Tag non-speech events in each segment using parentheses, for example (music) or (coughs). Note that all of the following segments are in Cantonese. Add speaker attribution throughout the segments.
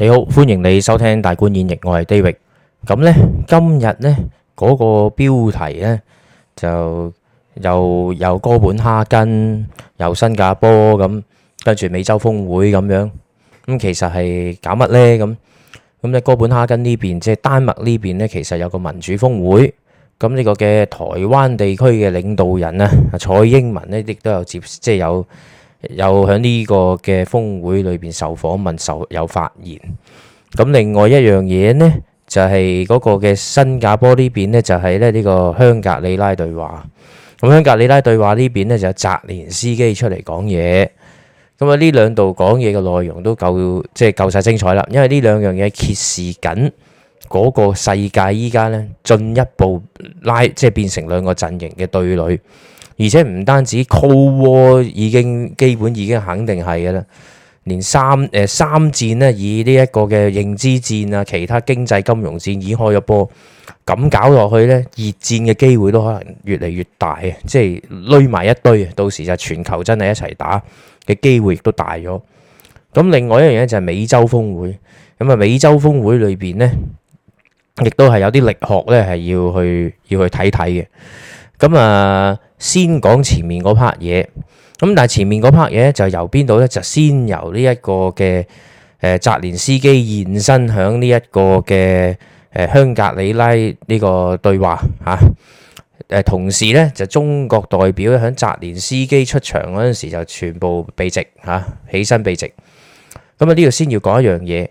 Speaker 1: 你好，歡迎你收聽大觀演繹，我係 David。咁咧，今日咧嗰個標題咧就又有哥本哈根，有新加坡咁，跟住美洲峰會咁樣。咁其實係搞乜咧？咁咁咧哥本哈根呢邊即係丹麥呢邊咧，其實有個民主峰會。咁呢個嘅台灣地區嘅領導人咧，蔡英文咧亦都有接，即係有。有喺呢個嘅峰會裏邊受訪問、受有發言。咁另外一樣嘢呢，就係、是、嗰個嘅新加坡邊呢邊呢就係咧呢個香格里拉對話。咁香格里拉對話呢邊呢，就是、有澤連斯基出嚟講嘢。咁啊，呢兩度講嘢嘅內容都夠，即係夠晒精彩啦。因為呢兩樣嘢揭示緊嗰個世界依家呢，進一步拉，即係變成兩個陣營嘅對壘。而且唔單止冷戰已經基本已經肯定係嘅啦，連三誒、呃、三戰咧，以呢一個嘅認知戰啊，其他經濟金融戰已經開咗波，咁搞落去呢，熱戰嘅機會都可能越嚟越大啊！即係攆埋一堆，到時就全球真係一齊打嘅機會亦都大咗。咁另外一樣嘢就係美洲峰會咁啊。美洲峰會裏邊呢，亦都係有啲力學呢係要去要去睇睇嘅咁啊。先講前面嗰 part 嘢，咁但係前面嗰 part 嘢就由邊度呢？就先由呢一個嘅誒澤連斯基現身響呢一個嘅誒香格里拉呢個對話嚇，誒、啊、同時呢，就中國代表喺澤連斯基出場嗰陣時就全部肅立嚇，起身肅立，咁啊呢度先要講一樣嘢。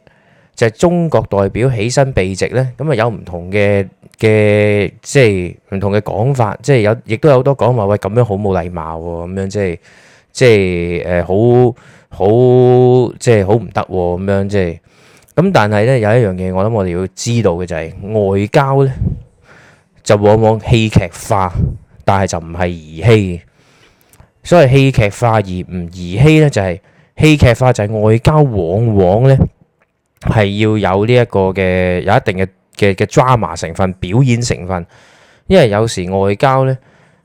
Speaker 1: 就係中國代表起身避席咧，咁啊有唔同嘅嘅即係唔同嘅講法，即係有亦都有好多講話喂，咁樣好冇禮貌咁樣，即係即係誒好好即係好唔得咁樣，即係咁。但係咧有一樣嘢，我諗我哋要知道嘅就係外交咧，就往往戲劇化，但係就唔係兒戲嘅。所謂戲劇化而唔兒戲咧，就係戲劇化就係外交往往咧。係要有呢一個嘅有一定嘅嘅嘅 drama 成分，表演成分，因為有時外交呢，誒、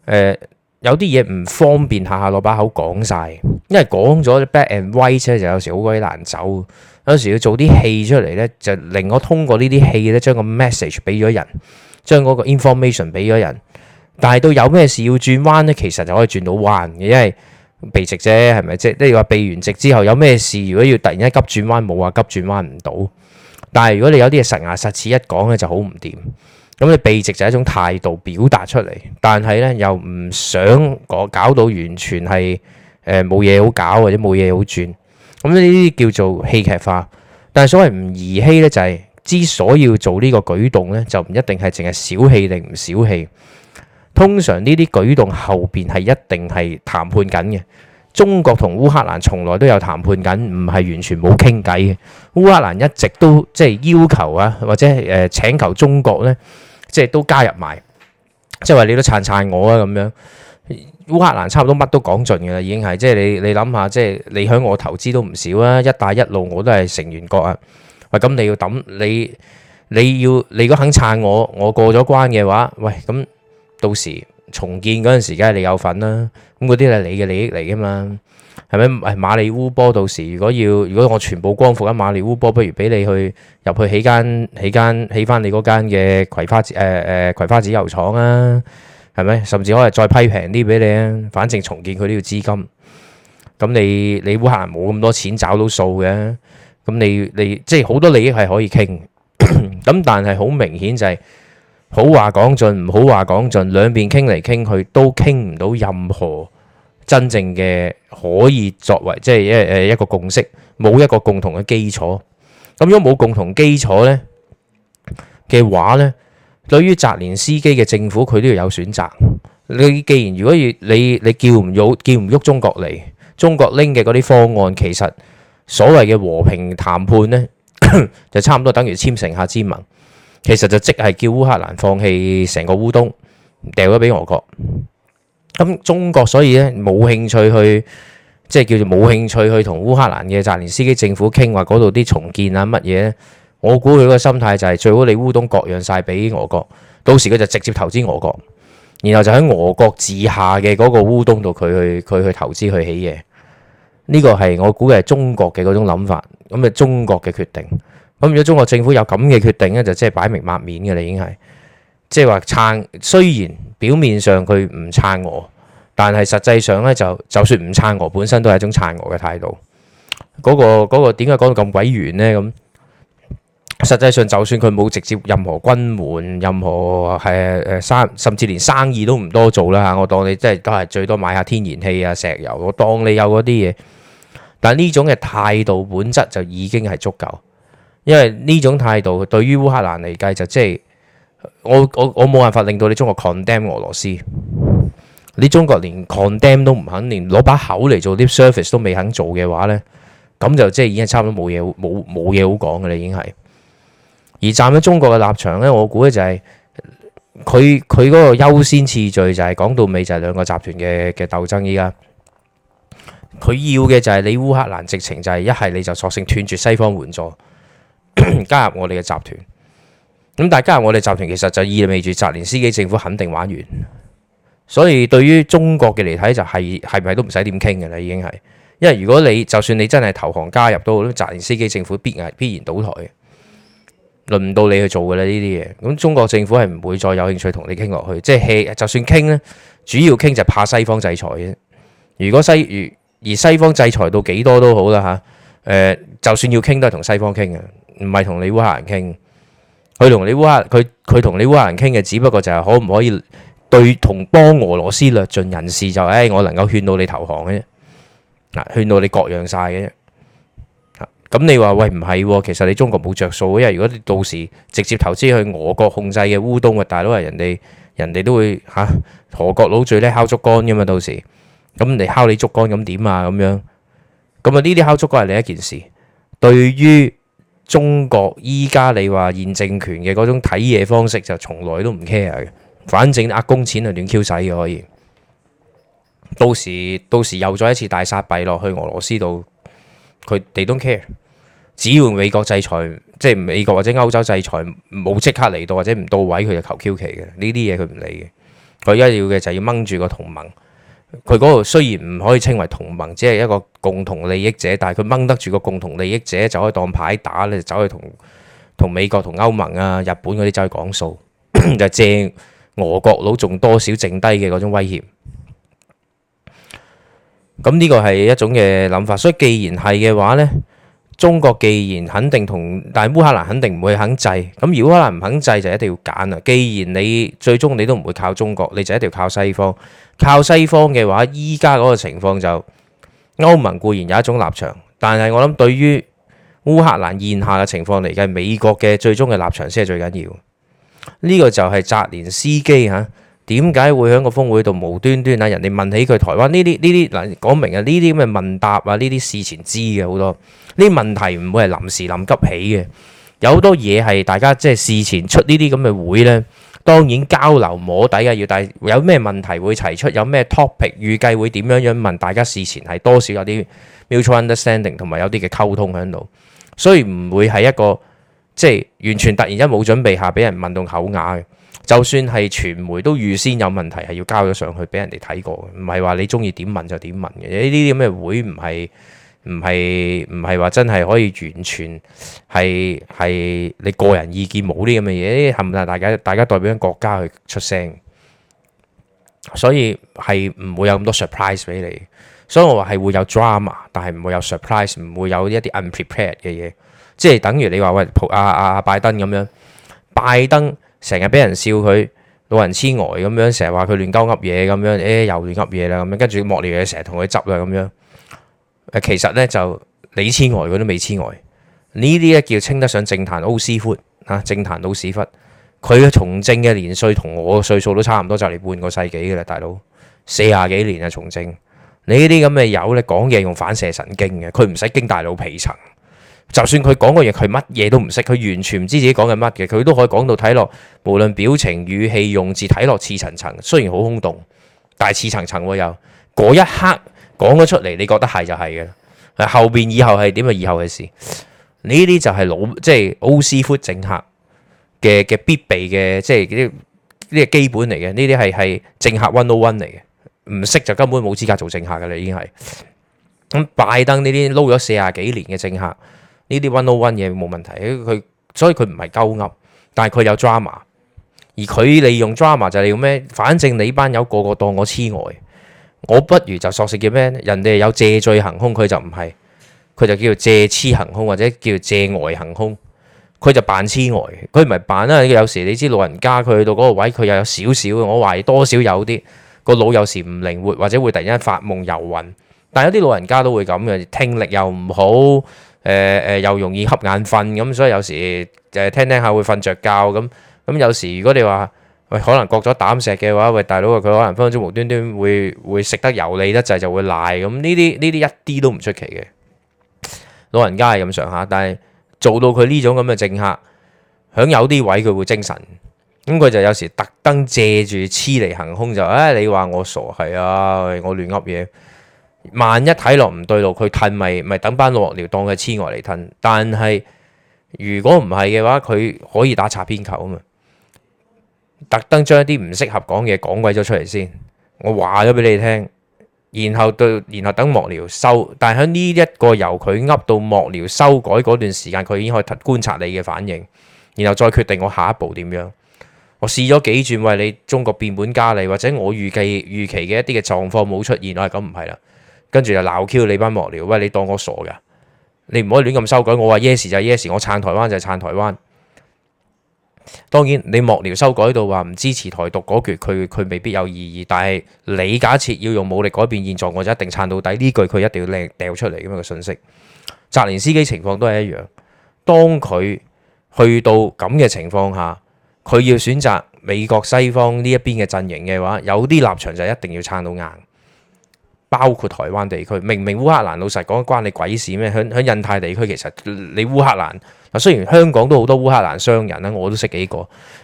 Speaker 1: 呃、有啲嘢唔方便下下攞把口講晒，因為講咗啲 black and white 咧，就有時好鬼難走，有時要做啲戲出嚟呢，就令我通過呢啲戲呢，將個 message 俾咗人，將嗰個 information 俾咗人，但係到有咩事要轉彎呢，其實就可以轉到彎嘅，因為。避席啫，係咪啫？即係話避席完席之後有咩事，如果要突然一急轉彎，冇話急轉彎唔到。但係如果你有啲嘢實牙實齒一講咧，就好唔掂。咁你避席就係一種態度表達出嚟，但係咧又唔想搞，搞到完全係誒冇嘢好搞或者冇嘢好轉。咁呢啲叫做戲劇化。但係所謂唔兒戲咧，就是，就係之所以要做呢個舉動咧，就唔一定係淨係小氣定唔小氣。通常呢啲舉動後邊係一定係談判緊嘅。中國同烏克蘭從來都有談判緊，唔係完全冇傾偈嘅。烏克蘭一直都即係要求啊，或者誒請求中國咧，即係都加入埋，即係話你都撐撐我啊咁樣。烏克蘭差唔多乜都講盡㗎啦，已經係即係你你諗下，即係你喺我投資都唔少啊，一帶一路我都係成員國啊。喂，咁你要揼你你要你如果肯撐我，我過咗關嘅話，喂咁。到時重建嗰陣時，梗係你有份啦、啊。咁嗰啲係你嘅利益嚟噶嘛？係咪？誒馬里烏波到時，如果要，如果我全部光復緊馬里烏波，不如俾你去入去起間起間起翻你嗰間嘅葵花籽誒、呃、葵花籽油廠啊？係咪？甚至可以再批平啲俾你啊！反正重建佢都要資金，咁你你烏克蘭冇咁多錢找到數嘅、啊，咁你你即係好多利益係可以傾。咁 (coughs) 但係好明顯就係、是。好話講盡，唔好話講盡，兩邊傾嚟傾去都傾唔到任何真正嘅可以作為，即係一一個共識，冇一個共同嘅基礎。咁如果冇共同基礎咧嘅話咧，對於澤連斯基嘅政府，佢都要有選擇。你既然如果要你你叫唔喐叫唔喐中國嚟，中國拎嘅嗰啲方案，其實所謂嘅和平談判咧， (laughs) 就差唔多等於簽城下之盟。其實就即係叫烏克蘭放棄成個烏東，掉咗俾俄國。咁中國所以咧冇興趣去，即係叫做冇興趣去同烏克蘭嘅澤連斯基政府傾話，嗰度啲重建啊乜嘢。我估佢個心態就係、是、最好你烏東割讓晒俾俄國，到時佢就直接投資俄國，然後就喺俄國治下嘅嗰個烏東度佢去佢去投資去起嘢。呢個係我估係中國嘅嗰種諗法，咁啊中國嘅決定。咁如果中國政府有咁嘅決定咧，就即係擺明抹面嘅啦，已經係即係話撐。雖然表面上佢唔撐我，但係實際上咧就就算唔撐我，本身都係一種撐我嘅態度。嗰個嗰個點解講到咁鬼遠咧？咁，嗰個嗰個，實際上，就算佢冇直接任何軍援，任何係誒生，甚至連生意都唔多做啦嚇。我當你即係都係最多買下天然氣啊、石油。我當你有嗰啲嘢，但呢種嘅態度本質就已經係足夠。因為呢種態度對於烏克蘭嚟計就即係我我我冇辦法令到你中國 condemn 俄羅斯。你中國連 condemn 都唔肯，連攞把口嚟做啲 service 都未肯做嘅話咧，咁就即係已經差唔多冇嘢冇冇嘢好講㗎啦。已經係，而站喺中國嘅立場咧，我估咧就係佢佢嗰個優先次序就係講到尾就係兩個集團嘅嘅鬥爭。依家佢要嘅就係你烏克蘭直情就係一係你就索性斷絕西方援助。 (coughs) 加入我哋嘅集團，咁但係加入我哋集團，其實就意味住澤連斯基政府肯定玩完。所以對於中國嘅嚟睇，就係係咪都唔使點傾嘅啦。已經係，因為如果你就算你真係投降加入都好，澤連斯基政府，必然必然倒台嘅，輪唔到你去做嘅啦呢啲嘢。咁中國政府係唔會再有興趣同你傾落去，即係，就，是，就算傾呢，主要傾就怕西方制裁嘅。如果西而西方制裁到幾多都好啦，吓、呃、誒，就算要傾都係同西方傾嘅。唔係同你烏克蘭傾，佢同你烏克佢佢同你烏克蘭傾嘅，只不過就係可唔可以對同幫俄羅斯略盡人事就誒，我能夠勸到你投降嘅啫，啊，勸到你割讓晒嘅啫。咁你話喂唔係，其實你中國冇着數嘅，因為如果你到時直接投資去俄國控制嘅烏東嘅大佬，人哋人哋都會吓俄國佬最叻敲竹槓噶嘛。到時咁你敲你竹槓，咁點啊？咁樣咁啊？呢啲敲竹槓係另一件事，對於。中國依家你話現政權嘅嗰種睇嘢方式就從來都唔 care 嘅，反正呃，工錢就亂 Q 使嘅可以。到時到時又再一次大殺幣落去俄羅斯度，佢哋都唔 care。只要美國制裁，即係美國或者歐洲制裁冇即刻嚟到或者唔到位，佢就求 Q 其嘅。呢啲嘢佢唔理嘅。佢而家要嘅就要掹住個同盟。佢嗰度雖然唔可以稱為同盟，只係一個共同利益者，但係佢掹得住個共同利益者，就可以當牌打你咧，走去同同美國、同歐盟啊、日本嗰啲走去講數， (coughs) 就是、借俄國佬仲多少剩低嘅嗰種威脅。咁呢個係一種嘅諗法，所以既然係嘅話呢。中國既然肯定同，但係烏克蘭肯定唔會肯制，咁如果烏克蘭唔肯制就一定要揀啦。既然你最終你都唔會靠中國，你就一定要靠西方。靠西方嘅話，依家嗰個情況就歐盟固然有一種立場，但係我諗對於烏克蘭現下嘅情況嚟計，美國嘅最終嘅立場先係最緊要。呢個就係澤連斯基嚇。點解會喺個峰會度無端端啊，人哋問起佢台灣呢啲呢啲，嗱，講明啊，呢啲咁嘅問答啊，呢啲事前知嘅好多。呢啲問題唔會係臨時臨急起嘅，有好多嘢係大家即係事前出呢啲咁嘅會呢。當然交流摸底啊，要帶有咩問題會提出，有咩 topic 預計會點樣樣問，大家事前係多少有啲 mutual understanding 同埋有啲嘅溝通喺度，所以唔會係一個即係完全突然間冇準備下俾人問到口啞嘅。就算係傳媒都預先有問題，係要交咗上去俾人哋睇過。唔係話你中意點問就點問嘅。呢啲咁嘅會唔係唔係唔係話真係可以完全係係你個人意見，冇啲咁嘅嘢。係咪？大家大家代表緊國家去出聲，所以係唔會有咁多 surprise 俾你。所以我話係會有 drama，但係唔會有 surprise，唔會有一啲 unprepared 嘅嘢。即係等於你話喂，阿阿、啊啊啊、拜登咁樣，拜登。成日俾人笑佢，老人痴呆咁樣，成日話佢亂鳩噏嘢咁樣，誒、哎、又亂噏嘢啦咁樣，跟住莫尿嘢成日同佢執啦咁樣。其實呢，就你痴呆，佢都未痴呆。呢啲呢，叫稱得上政壇老屎忽吓，政壇老屎忽。佢嘅從政嘅年歲同我嘅歲數都差唔多，就嚟半個世紀噶啦，大佬四廿幾年啊從政。你呢啲咁嘅友咧，講嘢用反射神經嘅，佢唔使經大腦皮層。就算佢講個嘢，佢乜嘢都唔識，佢完全唔知自己講緊乜嘅，佢都可以講到睇落，無論表情、語氣、用字，睇落似層層。雖然好空洞，但係似層層又嗰一刻講咗出嚟，你覺得係就係嘅。後邊以後係點啊？以後嘅事呢啲就係老即係、就是、O.C. 副政客嘅嘅必備嘅，即係呢啲呢個基本嚟嘅。呢啲係係政客101嚟嘅，唔識就根本冇資格做政客㗎喇。已經係咁，拜登呢啲撈咗四十幾年嘅政客。呢啲 one on one 嘢冇問題，佢所以佢唔係鳩噏，但係佢有 drama。而佢利用 drama 就係用咩？反正你班友個，個個當我痴呆，我不如就索性叫咩？人哋有借醉行兇，佢就唔係，佢就叫做借痴行兇，或者叫做借呆行兇。佢就扮痴呆。佢唔係扮啦，有時你知老人家佢去到嗰個位，佢又有少少。我懷疑多少有啲個腦有時唔靈活，或者會突然間發夢遊魂。但係有啲老人家都會咁嘅，聽力又唔好。誒誒、呃、又容易瞌眼瞓咁、嗯，所以有時誒、呃、聽聽下會瞓着覺咁。咁、嗯嗯嗯嗯、有時如果你話喂，可能割咗膽石嘅話，喂，大佬佢可能分分鐘無端端會會食得油膩得滯就會瀨咁。呢啲呢啲一啲都唔出奇嘅，老人家係咁上下。但係做到佢呢種咁嘅政客，響有啲位佢會精神，咁、嗯、佢就有時特登借住黐嚟行兇就誒、哎、你話我傻係啊，我亂噏嘢。嗯嗯萬一睇落唔對路，佢褪咪咪等班幕僚當佢係黐呆嚟褪。但係如果唔係嘅話，佢可以打插邊球啊嘛！特登將一啲唔適合講嘢講鬼咗出嚟先，我話咗俾你聽，然後對，然後等幕僚收。但係喺呢一個由佢噏到幕僚修改嗰段時間，佢已經可以觀察你嘅反應，然後再決定我下一步點樣。我試咗幾轉，餵你，中國變本加厲，或者我預計預期嘅一啲嘅狀況冇出現，我係咁唔係啦。跟住就鬧 Q 你班幕僚，喂，你當我傻㗎？你唔可以亂咁修改。我話 yes 就係 yes，我撐台灣就係撐台灣。當然你幕僚修改到話唔支持台獨嗰句，佢，佢未必有意義。但係你假設要用武力改變現狀，我就一定撐到底。呢句佢一定要拎掉出嚟咁樣嘅信息。澤連斯基情況都係一樣。當佢去到咁嘅情況下，佢要選擇美國西方呢一邊嘅陣營嘅話，有啲立場就一定要撐到硬。包括台灣地區，明明烏克蘭老實講關你鬼事咩？響響印太地區，其實你烏克蘭嗱，雖然香港都好多烏克蘭商人啦，我都識幾個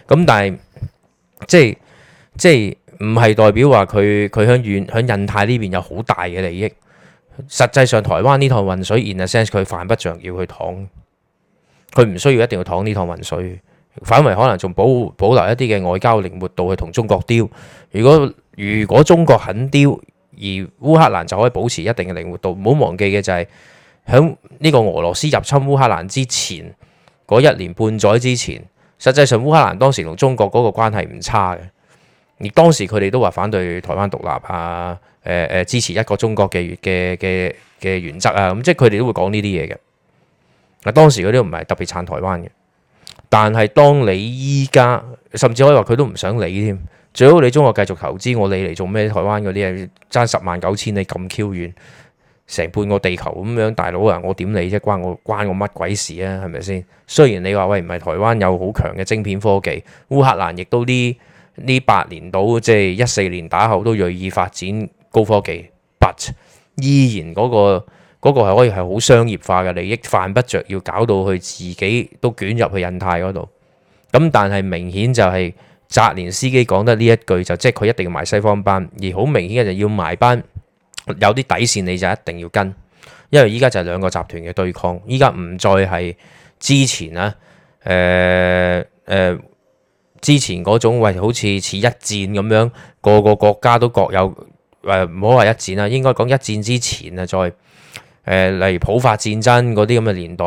Speaker 1: 咁，但係即係即係唔係代表話佢佢響遠響印太呢邊有好大嘅利益。實際上，台灣呢趟運水，in a sense 佢犯不著要去淌，佢唔需要一定要淌呢趟運水，反為可能仲保保留一啲嘅外交靈活度去同中國釣。如果如果中國肯釣。而烏克蘭就可以保持一定嘅靈活度。唔好忘記嘅就係喺呢個俄羅斯入侵烏克蘭之前嗰一年半載之前，實際上烏克蘭當時同中國嗰個關係唔差嘅。而當時佢哋都話反對台灣獨立啊，誒誒支持一個中國嘅嘅嘅原則啊，咁即係佢哋都會講呢啲嘢嘅。嗱，當時嗰啲都唔係特別撐台灣嘅。但係當你依家甚至可以話佢都唔想理添。最好你中國繼續投資我你嚟做咩？台灣嗰啲啊，爭十萬九千里，里咁 Q 遠，成半個地球咁樣，大佬啊，我點你啫？關我關我乜鬼事啊？係咪先？雖然你話喂唔係台灣有好強嘅晶片科技，烏克蘭亦都呢呢八年到即係一四年打後都鋭意發展高科技，but 依然嗰、嗰個嗰係、嗰個、可以係好商業化嘅利益，犯不着要搞到佢自己都捲入去印太嗰度。咁但係明顯就係、係。扎連司機講得呢一句，就即係佢一定要埋西方班，而好明顯嘅就要埋班有啲底線你就一定要跟，因為依家就係兩個集團嘅對抗。依家唔再係之前咧，誒、呃、誒、呃、之前嗰種喂、呃、好似似一戰咁樣，個個國家都各有，誒，唔好話一戰啦，應該講一戰之前啊，再誒、呃、例如普法戰爭嗰啲咁嘅年代。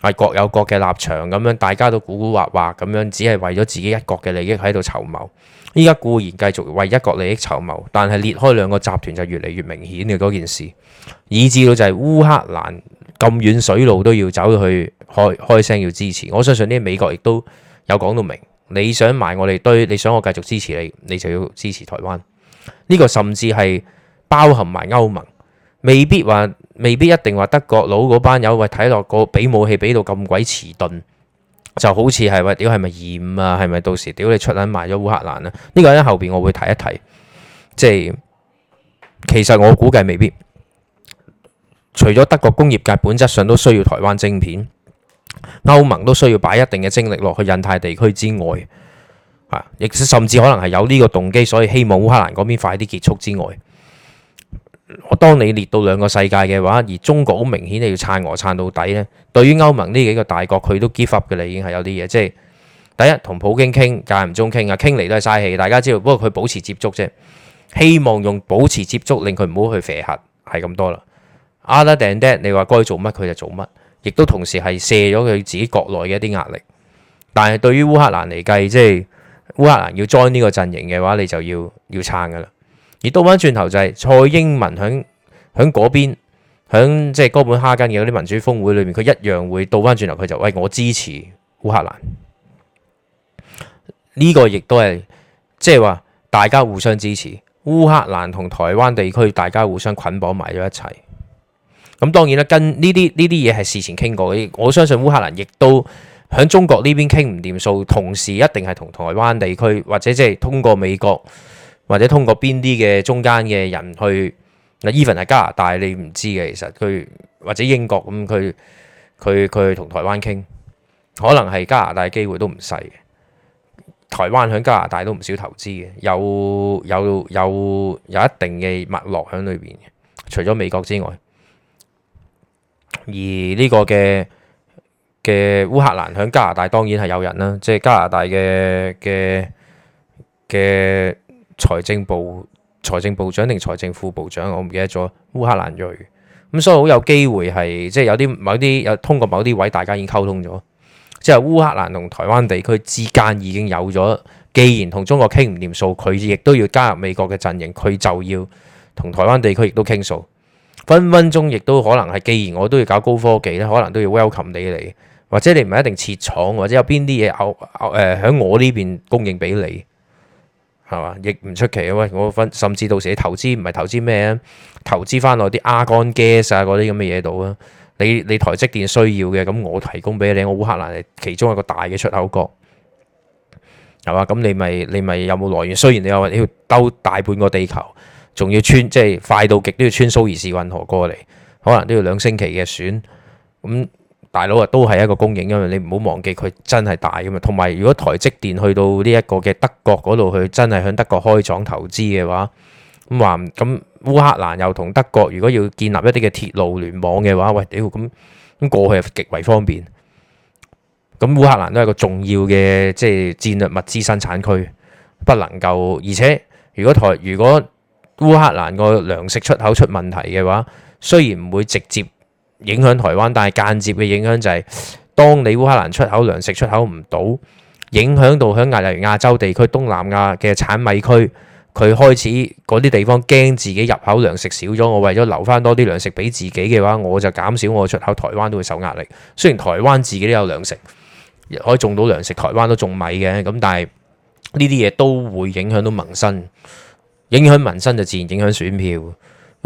Speaker 1: 係各有各嘅立場咁樣，大家都古古惑惑，咁樣，只係為咗自己一國嘅利益喺度籌謀。依家固然繼續為一國利益籌謀，但係裂開兩個集團就越嚟越明顯嘅嗰件事，以至到就係烏克蘭咁遠水路都要走去開開聲要支持。我相信呢，美國亦都有講到明，你想埋我哋堆，你想我繼續支持你，你就要支持台灣。呢個甚至係包含埋歐盟。未必話，未必一定話德國佬嗰班友喂睇落個俾武器俾到咁鬼遲鈍，就好似係喂屌係咪嫌啊？係咪到時屌你出撚賣咗烏克蘭啊？呢、這個喺後邊我會提一提，即係其實我估計未必，除咗德國工業界本質上都需要台灣晶片，歐盟都需要擺一定嘅精力落去印太地區之外，啊，亦甚至可能係有呢個動機，所以希望烏克蘭嗰邊快啲結束之外。我當你列到兩個世界嘅話，而中國好明顯你要撐俄撐到底咧。對於歐盟呢幾個大國，佢都 give up 嘅啦，已經係有啲嘢。即係第一同普京傾，間唔中傾啊，傾嚟都係嘥氣。大家知道，不過佢保持接觸啫，希望用保持接觸令佢唔好去扯核，係咁多啦。Other than that，你話該做乜佢就做乜，亦都同時係卸咗佢自己國內嘅一啲壓力。但係對於烏克蘭嚟計，即係烏克蘭要 join 呢個陣營嘅話，你就要要撐噶啦。而倒翻轉頭就係蔡英文響響嗰邊，即係哥本哈根嘅嗰啲民主峰會裏面，佢一樣會倒翻轉頭，佢就：「喂，我支持烏克蘭」。呢個亦都係即係話大家互相支持，烏克蘭同台灣地區大家互相捆綁埋咗一齊。咁當然啦，跟呢啲呢啲嘢係事前傾過嘅，我相信烏克蘭亦都響中國呢邊傾唔掂數，同時一定係同台灣地區或者即係通過美國。或者通過邊啲嘅中間嘅人去嗱，Even 喺加拿大你唔知嘅，其實佢或者英國咁佢佢佢同台灣傾，可能係加拿大機會都唔細嘅。台灣喺加拿大都唔少投資嘅，有有有有一定嘅脈絡喺裏邊嘅。除咗美國之外，而呢個嘅嘅烏克蘭喺加拿大當然係有人啦，即係加拿大嘅嘅嘅。財政部財政部長定財政副部長，我唔記得咗。烏克蘭裔咁，所以好有機會係即係有啲某啲有通過某啲位，大家已經溝通咗，即係烏克蘭同台灣地區之間已經有咗。既然同中國傾唔掂數，佢亦都要加入美國嘅陣營，佢就要同台灣地區亦都傾數。分分鐘亦都可能係，既然我都要搞高科技咧，可能都要 welcome 你嚟，或者你唔係一定設廠，或者有邊啲嘢喎喺我呢邊供應俾你。係嘛？亦唔出奇啊！喂，我分甚至到時你投資唔係投資咩啊？投資翻落啲阿 r g o a s 啊，嗰啲咁嘅嘢度啊。你你台積電需要嘅，咁我提供俾你。我烏克蘭係其中一個大嘅出口國，係嘛？咁你咪你咪有冇來源？雖然你又要兜大半個地球，仲要穿即係快到極都要穿梭時士運河過嚟，可能都要兩星期嘅船咁。大佬啊，都係一個供應，因為你唔好忘記佢真係大噶嘛。同埋，如果台積電去到呢一個嘅德國嗰度去，真係喺德國開廠投資嘅話，咁話咁烏克蘭又同德國如果要建立一啲嘅鐵路聯網嘅話，喂，屌咁咁過去係極為方便。咁烏克蘭都係一個重要嘅即係戰略物資生產區不能夠。而且如果台如果烏克蘭個糧食出口出問題嘅話，雖然唔會直接。影響台灣，但係間接嘅影響就係，當你烏克蘭出口糧食出口唔到，影響到響亞，亞洲地區、東南亞嘅產米區，佢開始嗰啲地方驚自己入口糧食少咗，我為咗留返多啲糧食俾自己嘅話，我就減少我出口，台灣都會受壓力。雖然台灣自己都有糧食，可以種到糧食，台灣都種米嘅，咁但係呢啲嘢都會影響到民生，影響民生就自然影響選票。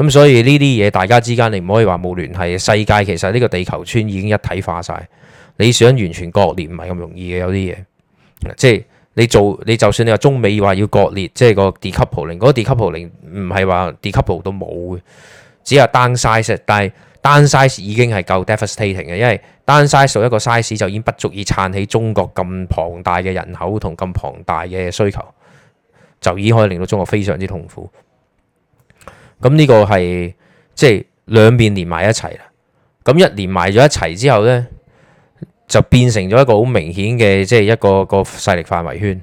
Speaker 1: 咁、嗯、所以呢啲嘢，大家之間你唔可以話冇聯繫。世界其實呢個地球村已經一體化晒，你想完全割裂唔係咁容易嘅。有啲嘢，即係你做，你就算你話中美話要割裂，即係個 d e c o u p o l i n g 嗰個 d e c o u p o l i n g 唔係話 d e c o u p o l 都冇嘅，只係單 size，但係單 size 已經係夠 devastating 嘅，因為單 size 一個 size 就已經不足以撐起中國咁龐大嘅人口同咁龐大嘅需求，就已經可以令到中國非常之痛苦。咁呢個係即係兩邊連埋一齊啦。咁一連埋咗一齊之後呢，就變成咗一個好明顯嘅即係一個一個勢力範圍圈。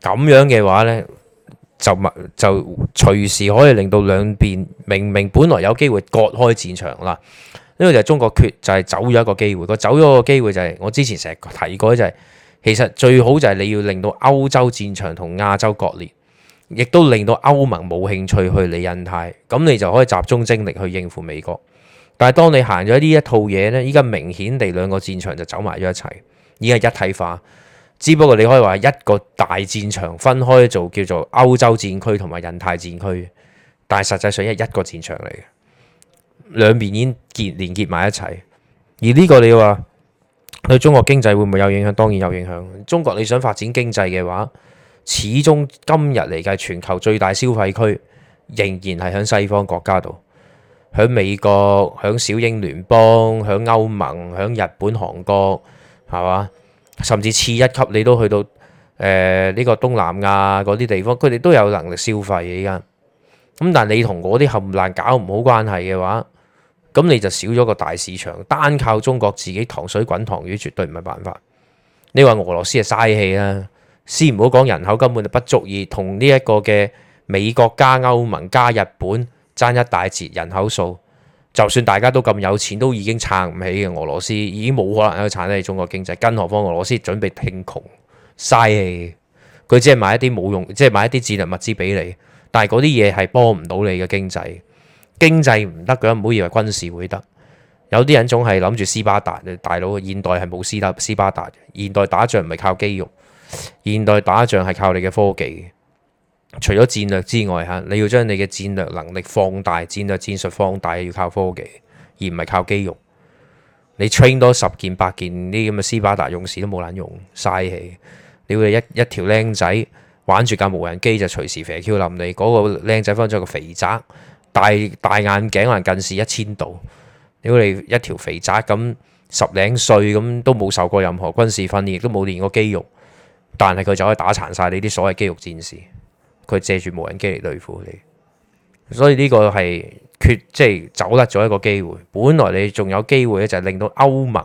Speaker 1: 咁樣嘅話呢，就就隨時可以令到兩邊明明本來有機會割開戰場嗱，呢個就係中國決就係走咗一個機會。個走咗個機會就係我之前成日提過就係，其實最好就係你要令到歐洲戰場同亞洲割裂。亦都令到歐盟冇興趣去理印太，咁你就可以集中精力去應付美國。但係當你行咗呢一套嘢呢，依家明顯地兩個戰場就走埋咗一齊，已經係一體化。只不過你可以話一個大戰場，分開做叫做歐洲戰區同埋印太戰區，但係實際上係一個戰場嚟嘅，兩邊已經結連結埋一齊。而呢個你話對中國經濟會唔會有影響？當然有影響。中國你想發展經濟嘅話，始終今日嚟計，全球最大消費區仍然係喺西方國家度，喺美國、喺小英聯邦、喺歐盟、喺日本、韓國，係嘛？甚至次一級你都去到誒呢個東南亞嗰啲地方，佢哋都有能力消費依家。咁但係你同嗰啲冚爛搞唔好關係嘅話，咁你就少咗個大市場，單靠中國自己塘水滾塘魚絕對唔係辦法。你話俄羅斯係嘥氣啦。先唔好講人口，根本就不足以同呢一個嘅美國加歐盟加日本爭一大截人口數。就算大家都咁有錢，都已經撐唔起嘅。俄羅斯已經冇可能去撐得起中國經濟。更何況俄羅斯準備聽窮，嘥氣，佢只係買一啲冇用，即係買一啲戰略物資俾你。但係嗰啲嘢係幫唔到你嘅經濟，經濟唔得嘅話，唔好以為軍事會得。有啲人總係諗住斯巴達，大佬，現代係冇斯巴斯巴達，現代打仗唔係靠肌肉。現代打仗係靠你嘅科技嘅，除咗戰略之外，吓，你要將你嘅戰略能力放大，戰略戰術放大，要靠科技，而唔係靠肌肉。你 train 多十件、八件呢啲咁嘅斯巴達勇士都冇撚用，嘥氣。如果你一一條靚仔玩住架無人機就隨時肥 Q 林你，嗰、那個靚仔翻咗個肥宅，戴大，大眼鏡可能近視一千度。如果你一條肥宅咁十零歲咁都冇受過任何軍事訓練，亦都冇練過肌肉。但係佢就可以打殘晒你啲所謂肌肉戰士，佢借住無人機嚟對付你，所以呢個係缺即係走甩咗一個機會。本來你仲有機會咧，就係令到歐盟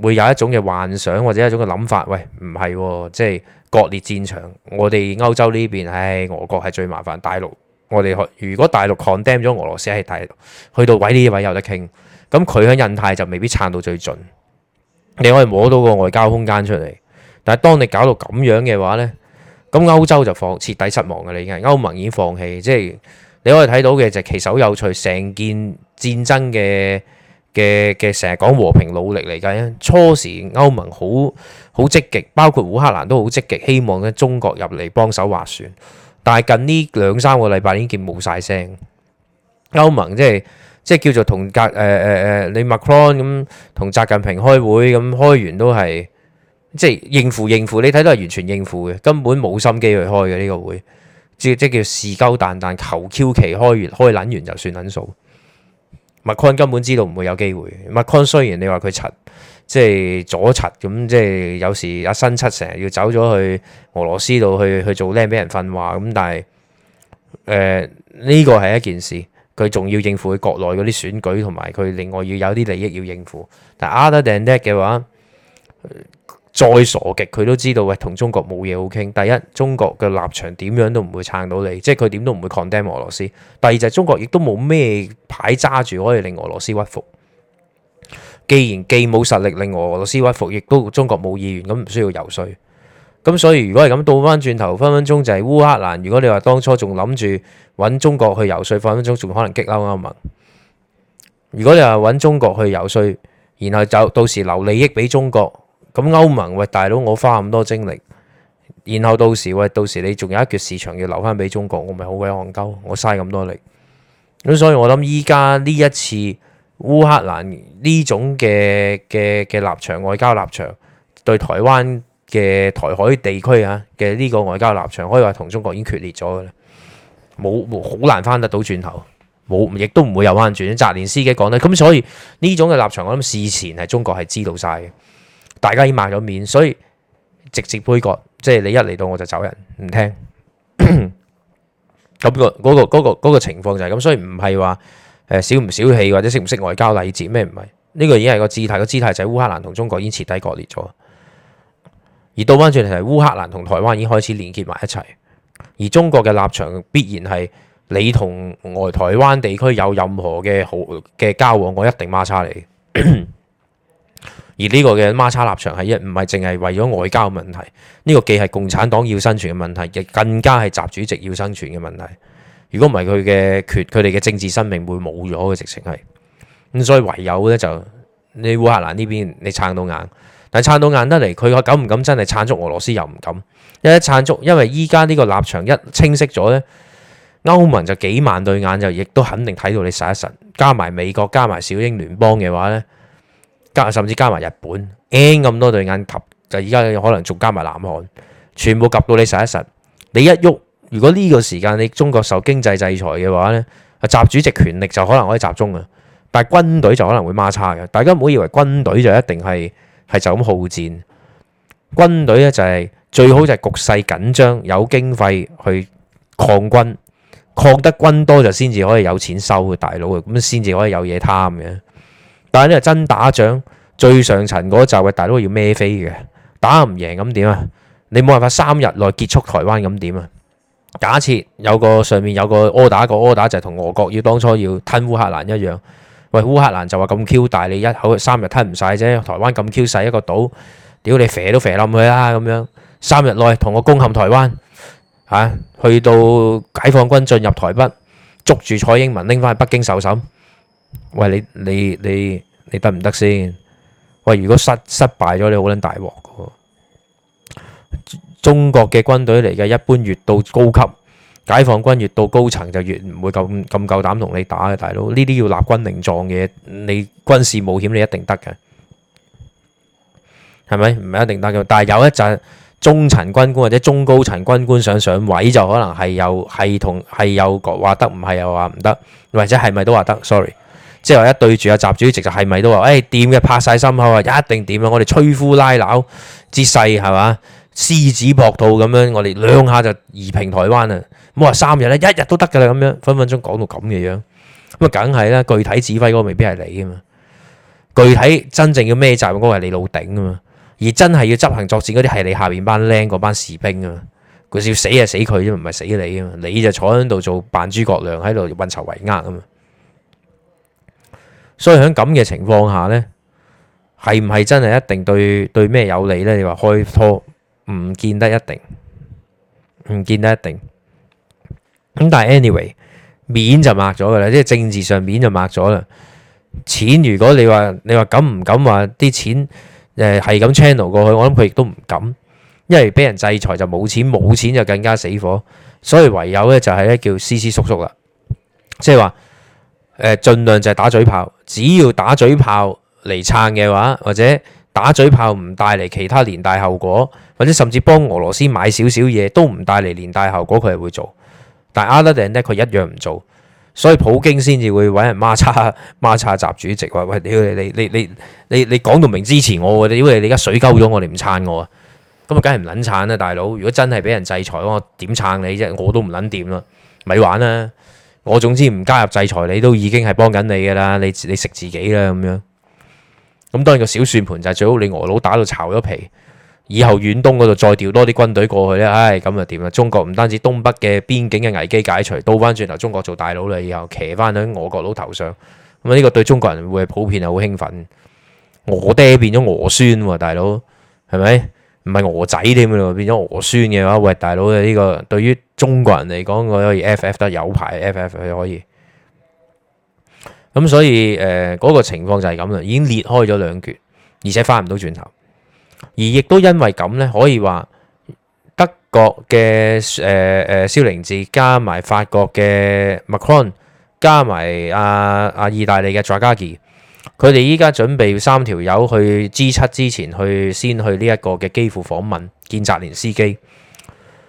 Speaker 1: 會有一種嘅幻想或者一種嘅諗法。喂，唔係、哦、即係割裂戰場，我哋歐洲呢邊，唉、哎，俄國係最麻煩。大陸我哋學，如果大陸 condemn 咗俄羅斯係大陸，去到位呢位有得傾。咁佢喺印太就未必撐到最盡，你可以摸到個外交空間出嚟。但係當你搞到咁樣嘅話呢，咁歐洲就放徹底失望嘅，你係歐盟已經放棄。即係你可以睇到嘅就其實好有趣，成件戰爭嘅嘅嘅成日講和平努力嚟緊。初時歐盟好好積極，包括烏克蘭都好積極，希望呢中國入嚟幫手斡旋。但係近呢兩三個禮拜已經冇晒聲，歐盟即係即係叫做同隔，誒誒誒，你 Macron 咁同習近平開會咁、嗯、開完都係。即係應付應付，你睇都係完全應付嘅，根本冇心機去開嘅呢個會。即即叫事鳩彈彈，求 Q 期開完開撚完就算撚數。Macron 根本知道唔會有機會。Macron 雖然你話佢柒，即係左柒咁，即係有時阿新柒成日要走咗去俄羅斯度去去做靚，俾人訓話咁，但係誒呢個係一件事。佢仲要應付佢國內嗰啲選舉，同埋佢另外要有啲利益要應付。但係 other than that 嘅話。再傻極，佢都知道喂，同中國冇嘢好傾。第一，中國嘅立場點樣都唔會撐到你，即係佢點都唔會 condemn 俄羅斯。第二就係中國亦都冇咩牌揸住可以令俄羅斯屈服。既然既冇實力令俄羅斯屈服，亦都中國冇意願咁，唔需要游説。咁所以如果係咁倒翻轉頭，分分鐘就係烏克蘭。如果你話當初仲諗住揾中國去游説，分分鐘仲可能激嬲歐盟。如果你話揾中國去游説，然後就到時留利益俾中國。咁歐盟，喂大佬，我花咁多精力，然後到時喂，到時你仲有一橛市場要留翻俾中國，我咪好鬼戇鳩，我嘥咁多力。咁所以我諗依家呢一次烏克蘭呢種嘅嘅嘅立場、外交立場對台灣嘅台海地區啊嘅呢個外交立場，可以話同中國已經決裂咗嘅啦，冇好難翻得到轉頭，冇亦都唔會有翻轉。澤連斯基嘅講得咁，所以呢種嘅立場，我諗事前係中國係知道晒嘅。大家已經賣咗面，所以直接杯葛，即係你一嚟到我就走人，唔聽。咁、 (coughs) 嗰個、嗰個個、嗰個情況就係咁，所以唔係話誒少唔少氣或者識唔識外交禮節咩？唔係，呢個已經係個姿態，個姿態就係烏克蘭同中國已經徹底割裂咗。而倒翻轉嚟係烏克蘭同台灣已經開始連結埋一齊，而中國嘅立場必然係你同外台灣地區有任何嘅好嘅交往，我一定孖叉你。 (coughs) 而呢個嘅孖叉立場係一唔係淨係為咗外交嘅問題，呢個既係共產黨要生存嘅問題，亦更加係習主席要生存嘅問題。如果唔係佢嘅決，佢哋嘅政治生命會冇咗嘅直情係。咁所以唯有呢，就你烏克蘭呢邊你撐到眼，但係撐到眼得嚟，佢個敢唔敢真係撐足俄羅斯又唔敢。一一撐足，因為依家呢個立場一清晰咗呢，歐盟就幾萬對眼就亦都肯定睇到你實一實，加埋美國加埋小英聯邦嘅話呢。加甚至加埋日本 N 咁多對眼及就而家可能仲加埋南韓，全部及到你實一實，你一喐。如果呢個時間你中國受經濟制裁嘅話咧，習主席權力就可能可以集中啊，但係軍隊就可能會孖叉嘅。大家唔好以為軍隊就一定係係就咁好戰，軍隊呢就係、是、最好就係局勢緊張有經費去抗軍，抗得軍多就先至可以有錢收嘅大佬啊，咁先至可以有嘢貪嘅。但係咧真打仗，最上層嗰集嘅大佬要孭飛嘅，打唔贏咁點啊？你冇辦法三日內結束台灣咁點啊？假設有個上面有個柯打個柯打就係同俄國要當初要吞烏克蘭一樣，喂，烏克蘭就話咁 Q 大，你一口三日吞唔晒啫。台灣咁 Q 細一個島，屌你肥都肥冧佢啦咁樣。三日內同我攻陷台灣嚇，去到解放軍進入台北，捉住蔡英文拎翻去北京受審。喂，你你你你得唔得先？喂，如果失失敗咗，你好捻大鑊噶。中國嘅軍隊嚟嘅，一般越到高級，解放軍越到高層就越唔會咁咁夠膽同你打嘅，大佬。呢啲要立軍令狀嘅，你軍事冒險你一定得嘅，係咪？唔係一定得嘅。但係有一陣中層軍官或者中高層軍官想上位，就可能係有，係同係又話得唔係又話唔得，或者係咪都話得？Sorry。即係話，一對住阿習主席，就係咪都話誒掂嘅，拍晒心口啊，一定掂啊！我哋摧枯拉朽之勢係嘛，獅子搏兔咁樣，我哋兩下就夷平台灣啊！唔好話三日啦，一日都得噶啦咁樣，分分鐘講到咁嘅樣，樣，咁啊梗係啦！具體指揮嗰個未必係你啊嘛，具體真正要孭責嗰個係你老頂啊嘛，而真係要執行作戰嗰啲係你下邊班僆嗰班士兵啊嘛，佢要死就死佢啫，唔係死你啊嘛，你就坐喺度做扮諸葛亮喺度運籌帷幄啊嘛。所以喺咁嘅情況下呢，係唔係真係一定對對咩有利呢？你話開拖，唔見得一定，唔見得一定。咁但係 anyway，面就抹咗噶啦，即係政治上面就抹咗啦。錢，如果你話，你話敢唔敢話啲錢誒係咁 channel 過去，我諗佢亦都唔敢，因為俾人制裁就冇錢，冇錢就更加死火。所以唯有呢，就係呢，叫私私縮縮啦，即係話。誒，盡量就係打嘴炮，只要打嘴炮嚟撐嘅話，或者打嘴炮唔帶嚟其他連帶後果，或者甚至幫俄羅斯買少少嘢都唔帶嚟連帶後果，佢係會做。但阿德定咧，佢一樣唔做，所以普京先至會揾人孖叉孖叉習主席話：喂，屌你你你你你你講到明支持我喎，屌你你而家水溝咗我，你唔撐我，咁啊梗係唔撚撐啦，大佬！如果真係俾人制裁，我點撐你啫？我都唔撚掂啦，咪玩啦！我總之唔加入制裁，你都已經係幫緊你噶啦，你你食自己啦咁樣。咁當然個小算盤就係最好，你俄佬打到巢咗皮，以後遠東嗰度再調多啲軍隊過去咧，唉咁就點啦？中國唔單止東北嘅邊境嘅危機解除，倒翻轉頭，中國做大佬啦，以後騎翻喺俄國佬頭上，咁呢個對中國人會係普遍係好興奮，我爹變咗我孫，啊，大佬係咪？唔係俄仔添喎，變咗俄孫嘅話，喂大佬啊！呢、這個對於中國人嚟講，我可以 FF 得有排，FF 佢可以。咁所以誒，嗰、呃那個情況就係咁啦，已經裂開咗兩橛，而且翻唔到轉頭。而亦都因為咁呢，可以話德國嘅誒誒，蕭靈志加埋法國嘅 Macron，加埋阿阿意大利嘅 Draghi。佢哋依家準備三條友去支出之前，去先去呢一個嘅基輔訪問見澤連斯基。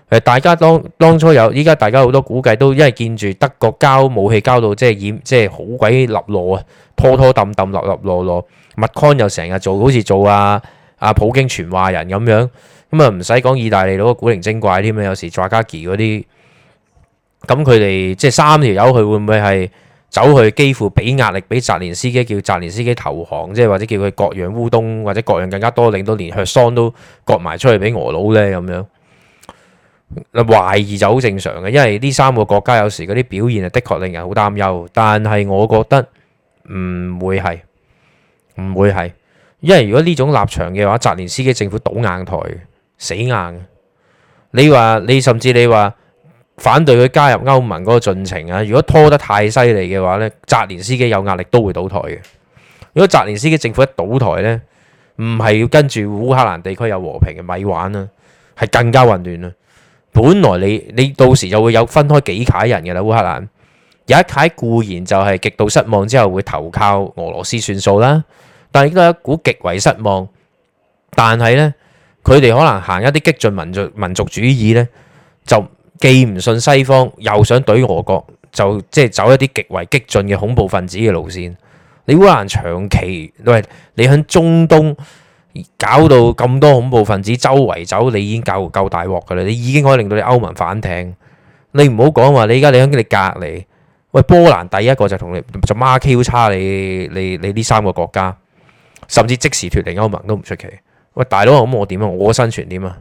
Speaker 1: 誒，大家當當初有依家，大家好多估計都因為見住德國交武器交到即係染即係好鬼立落啊，拖拖抌抌立立羅羅，默康又成日做好似做啊阿、啊、普京傳話人咁樣咁啊，唔使講意大利佬古靈精怪添啊，有時抓 a j 嗰啲咁，佢哋即係三條友，佢會唔會係？走去幾乎俾壓力澤連，俾澤連斯基叫澤連斯基投降，即係或者叫佢割讓烏冬，或者割讓更加多，令到連血桑都割埋出去俾俄佬呢。咁樣，懷疑就好正常嘅，因為呢三個國家有時嗰啲表現啊，的確令人好擔憂。但係我覺得唔會係，唔會係，因為如果呢種立場嘅話，澤連斯基政府倒硬台，死硬。你話你甚至你話。反對佢加入歐盟嗰個進程啊！如果拖得太犀利嘅話咧，澤連斯基有壓力都會倒台嘅。如果澤連斯基政府一倒台咧，唔係要跟住烏克蘭地區有和平嘅，咪玩啦，係更加混亂啦。本來你你到時就會有分開幾派人嘅啦，烏克蘭有一派固然就係極度失望之後會投靠俄羅斯算數啦，但亦都有一股極為失望。但係咧，佢哋可能行一啲激進民族民族主義咧，就。既唔信西方，又想懟俄國，就即係、就是、走一啲極為激進嘅恐怖分子嘅路線。你烏蘭長期喂，你喺中東搞到咁多恐怖分子周圍走，你已經夠夠大鑊㗎啦！你已經可以令到你歐盟反艇。你唔好講話，你而家你喺你隔離，喂，波蘭第一個就同你就 mark Q 叉你，你，你，你你呢三個國家，甚至即時脫離歐盟都唔出奇。喂，大佬咁我點啊？我生存點啊？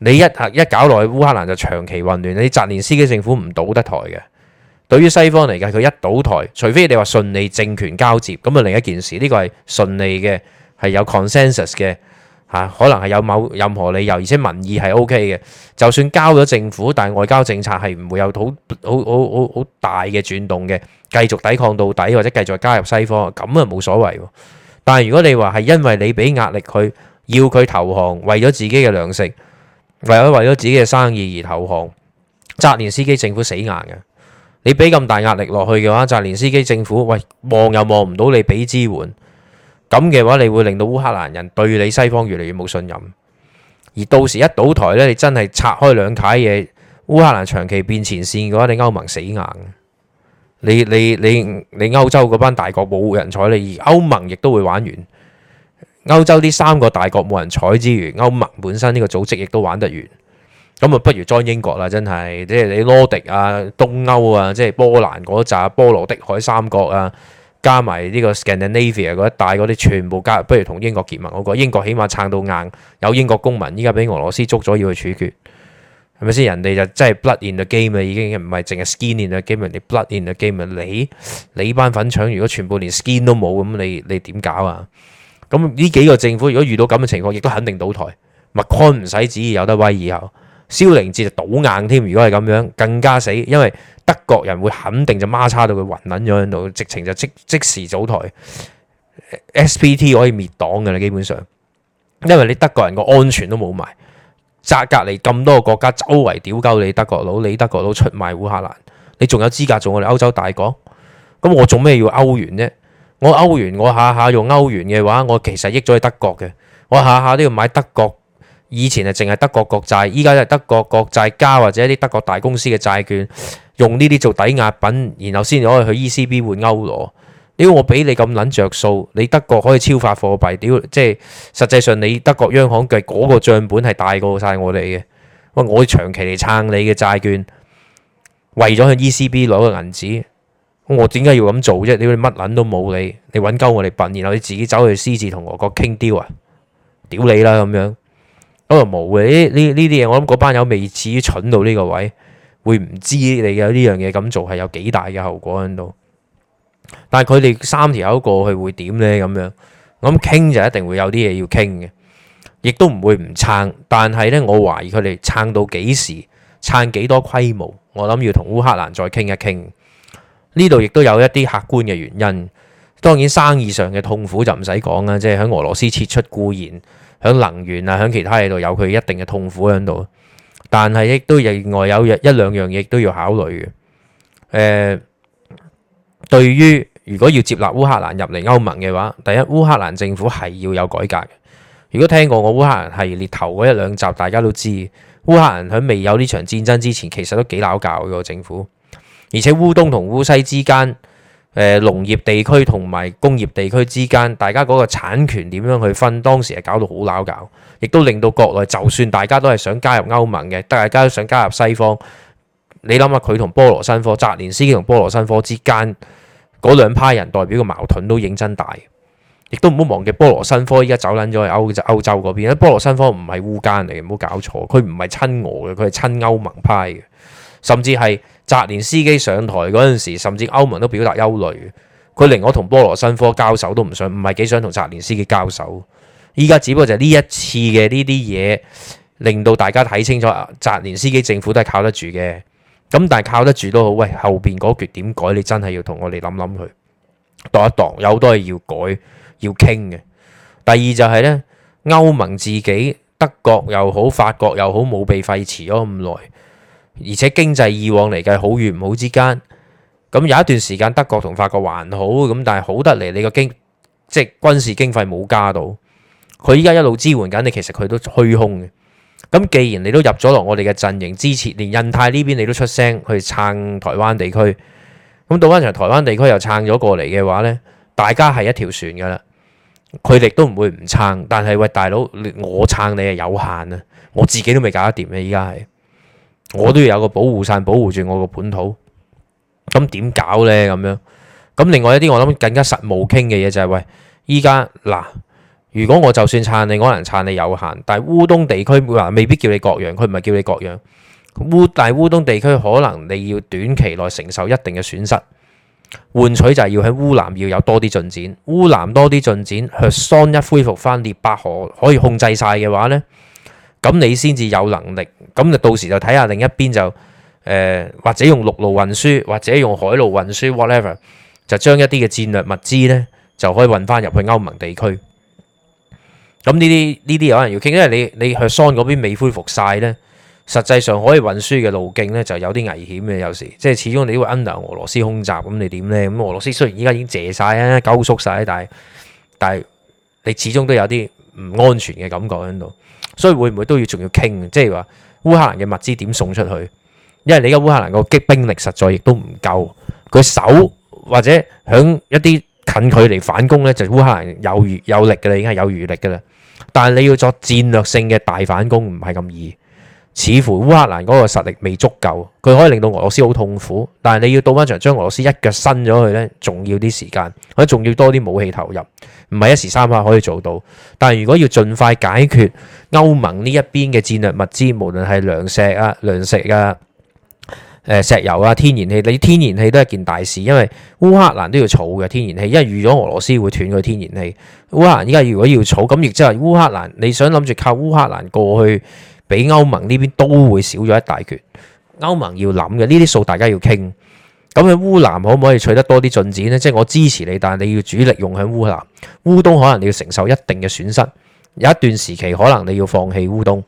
Speaker 1: 你一一搞落去，烏克蘭就長期混亂，你澤連斯基政府唔倒得台嘅。對於西方嚟講，佢一倒台，除非你話順利政權交接咁啊。另一件事呢個係順利嘅，係有 consensus 嘅嚇、啊，可能係有某任何理由，而且民意係 O K 嘅。就算交咗政府，但係外交政策係唔會有好好好好大嘅轉動嘅，繼續抵抗到底或者繼續加入西方咁啊，冇所謂。但係如果你話係因為你俾壓力佢要佢投降，為咗自己嘅糧食。唯有為咗自己嘅生意而投降，澤連斯基政府死硬嘅。你俾咁大壓力落去嘅話，澤連斯基政府喂望又望唔到你俾支援，咁嘅話你會令到烏克蘭人對你西方越嚟越冇信任。而到時一倒台咧，你真係拆開兩塊嘢，烏克蘭長期變前綫嘅話，你歐盟死硬，你你你你歐洲嗰班大國冇人睬你，而歐盟亦都會玩完。歐洲呢三個大國冇人睬之餘，歐盟本身呢個組織亦都玩得完，咁啊不如 join 英國啦！真係，即係你羅迪啊、東歐啊、即係波蘭嗰紮、波羅的海三國啊，加埋呢個 Scandinavia 嗰一帶嗰啲，全部加入，不如同英國結盟嗰個英國，起碼撐到硬，有英國公民依家俾俄羅斯捉咗要去處決，係咪先？人哋就真係 blood in the game 啊，已經唔係淨係 skin in the game，人哋 blood in the game，你你班粉腸如果全部連 skin 都冇咁，你你點搞啊？咁呢幾個政府如果遇到咁嘅情況，亦都肯定倒台。麥康唔使旨意有得威，以後蕭凌志就倒硬添。如果係咁樣，更加死，因為德國人會肯定就孖叉到佢暈撚咗喺度，直情就即即時倒台。SPT 可以滅黨嘅啦，基本上，因為你德國人個安全都冇埋，扎隔隔離咁多個國家，周圍屌鳩你德國佬，你德國佬出賣烏克蘭，你仲有資格做我哋歐洲大國？咁我做咩要歐元啫？我歐元，我下下用歐元嘅話，我其實益咗係德國嘅。我下下都要買德國，以前係淨係德國國債，依家就係德國國債加或者一啲德國大公司嘅債券，用呢啲做抵押品，然後先可以去 ECB 換歐羅。屌，我俾你咁撚着數，你德國可以超發貨幣，屌，即係實際上你德國央行嘅嗰個帳本係大過晒我哋嘅。喂，我長期嚟撐你嘅債券，為咗去 ECB 攞個銀紙。我點解要咁做啫？你乜撚都冇理，你你揾鳩我哋笨，然後你自己走去私自同俄國傾屌啊？屌你啦咁樣咁又冇嘅呢？呢啲嘢我諗嗰班友未至於蠢到呢個位，會唔知你有呢樣嘢咁做係有幾大嘅後果喺度。但係佢哋三條友過去會點呢？咁樣咁傾就一定會有啲嘢要傾嘅，亦都唔會唔撐。但係呢，我懷疑佢哋撐到幾時，撐幾多規模，我諗要同烏克蘭再傾一傾。呢度亦都有一啲客觀嘅原因，當然生意上嘅痛苦就唔使講啦，即係喺俄羅斯撤出固然，喺能源啊，喺其他嘢度有佢一定嘅痛苦喺度。但係亦都另外有一兩樣嘢，都要考慮嘅。誒、呃，對於如果要接納烏克蘭入嚟歐盟嘅話，第一烏克蘭政府係要有改革。如果聽過我烏克蘭系列頭嗰一兩集，大家都知烏克蘭喺未有呢場戰爭之前，其實都幾撈攪嘅個政府。而且烏東同烏西之間，誒、呃、農業地區同埋工業地區之間，大家嗰個產權點樣去分？當時係搞到好鬧交，亦都令到國內就算大家都係想加入歐盟嘅，大家都想加入西方。你諗下，佢同波羅申科、澤連斯基同波羅申科之間嗰兩派人代表嘅矛盾都認真大，亦都唔好忘記波羅申科依家走撚咗去歐，歐洲嗰邊。因波羅申科唔係烏奸嚟嘅，唔好搞錯，佢唔係親俄嘅，佢係親歐盟派嘅，甚至係。澤連斯基上台嗰陣時，甚至歐盟都表達憂慮。佢連我同波羅申科交手都唔想，唔係幾想同澤連斯基交手。依家只不過就呢一次嘅呢啲嘢，令到大家睇清楚。澤連斯基政府都係靠得住嘅，咁但係靠得住都好。喂，後邊嗰決點改，你真係要同我哋諗諗佢，度一度，有好多嘢要改要傾嘅。第二就係呢，歐盟自己德國又好，法國又好，冇被廢除咗咁耐。而且經濟以往嚟計好與唔好之間，咁有一段時間德國同法國還好，咁但係好得嚟你個經即係軍事經費冇加到，佢依家一路支援緊你，其實佢都虛空嘅。咁既然你都入咗落我哋嘅陣營支持，連印太呢邊你都出聲去撐台灣地區，咁到翻場台灣地區又撐咗過嚟嘅話呢，大家係一條船噶啦，佢哋都唔會唔撐。但係，喂大佬，我撐你係有限啊，我自己都未搞得掂嘅，依家係。我都要有個保護傘保護住我個本土，咁點搞呢？咁樣？咁另外一啲我諗更加實務傾嘅嘢就係、是、喂，依家嗱，如果我就算撐你，可能撐你有限，但係烏東地區嗱，未必叫你割讓，佢唔係叫你割讓。但烏但係烏東地區可能你要短期內承受一定嘅損失，換取就係要喺烏南要有多啲進展，烏南多啲進展，血桑一恢復翻聶伯河可以控制晒嘅話呢。咁你先至有能力，咁就到時就睇下另一邊就誒、呃，或者用陸路運輸，或者用海路運輸，whatever，就將一啲嘅戰略物資呢就可以運翻入去歐盟地區。咁呢啲呢啲有人要傾，因為你你赫桑嗰邊未恢復晒呢，實際上可以運輸嘅路徑呢就有啲危險嘅，有時即係始終你會 under 俄羅斯空襲咁，你點呢？咁俄羅斯雖然依家已經謝晒，啊，收縮晒，但係但係你始終都有啲唔安全嘅感覺喺度。所以會唔會都要仲要傾？即係話烏克蘭嘅物資點送出去？因為你而家烏克蘭個擊兵力實在亦都唔夠，佢守或者響一啲近距離反攻呢，就烏克蘭有餘有力嘅啦，已經係有餘力嘅啦。但係你要作戰略性嘅大反攻唔係咁易，似乎烏克蘭嗰個實力未足夠，佢可以令到俄羅斯好痛苦。但係你要倒翻場將俄羅斯一腳伸咗去呢，仲要啲時間，或者仲要多啲武器投入。唔係一時三刻可以做到，但係如果要盡快解決歐盟呢一邊嘅戰略物資，無論係糧食啊、糧食啊、石油啊、天然氣，你天然氣都係件大事，因為烏克蘭都要儲嘅天然氣，因為預咗俄羅斯會斷佢天然氣。烏克蘭依家如果要儲，咁亦即係烏克蘭你想諗住靠烏克蘭過去俾歐盟呢邊，都會少咗一大截。歐盟要諗嘅呢啲數大家要傾。咁，喺烏南可唔可以取得多啲進展呢？即係我支持你，但係你要主力用喺烏南烏東，可能你要承受一定嘅損失。有一段時期，可能你要放棄烏東，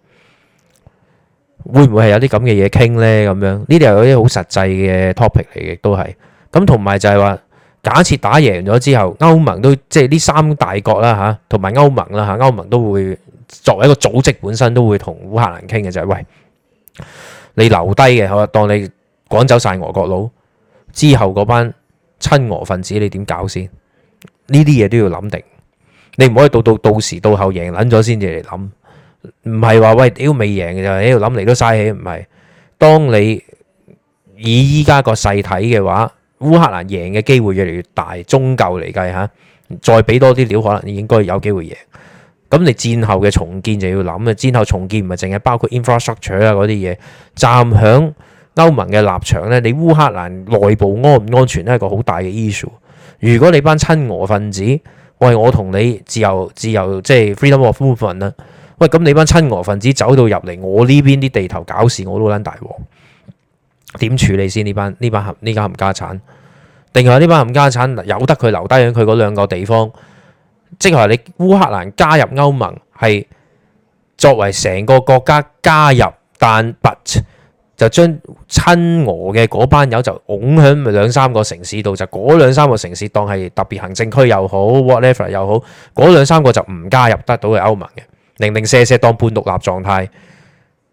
Speaker 1: 會唔會係有啲咁嘅嘢傾呢？咁樣呢啲又有啲好實際嘅 topic 嚟嘅，都係咁，同埋就係話假設打贏咗之後，歐盟都即係呢三大國啦嚇，啊，同埋歐盟啦嚇、啊，歐盟都會作為一個組織本身都會同烏克蘭傾嘅就係，喂你留低嘅，我當你趕走晒俄國佬。之後嗰班親俄分子你點搞先？呢啲嘢都要諗定，你唔可以到到到時到後贏撚咗先至嚟諗，唔係話喂屌未贏嘅就喺度諗嚟都嘥氣唔係。當你以依家個勢睇嘅話，烏克蘭贏嘅機會越嚟越大，終究嚟計吓，再俾多啲料，可能應該有機會贏。咁你戰後嘅重建就要諗啊，戰後重建唔係淨係包括 infrastructure 啊嗰啲嘢，站響。歐盟嘅立場咧，你烏克蘭內部安唔安全咧，係個好大嘅 issue。如果你班親俄分子，喂，我同你自由、自由，即係 freedom of movement 啦。喂，咁你班親俄分子走到入嚟，我呢邊啲地頭搞事，我都撚大鑊，點處理先？呢班呢班冚呢家冚家產，定係呢班冚家產由得佢留低喺佢嗰兩個地方？即係你烏克蘭加入歐盟係作為成個國家加入，但 but。就將親俄嘅嗰班友就拱喺兩三個城市度，就嗰兩三個城市當係特別行政區又好，whatever 又好，嗰兩三個就唔加入得到嘅歐盟嘅，零零舍舍當半獨立狀態，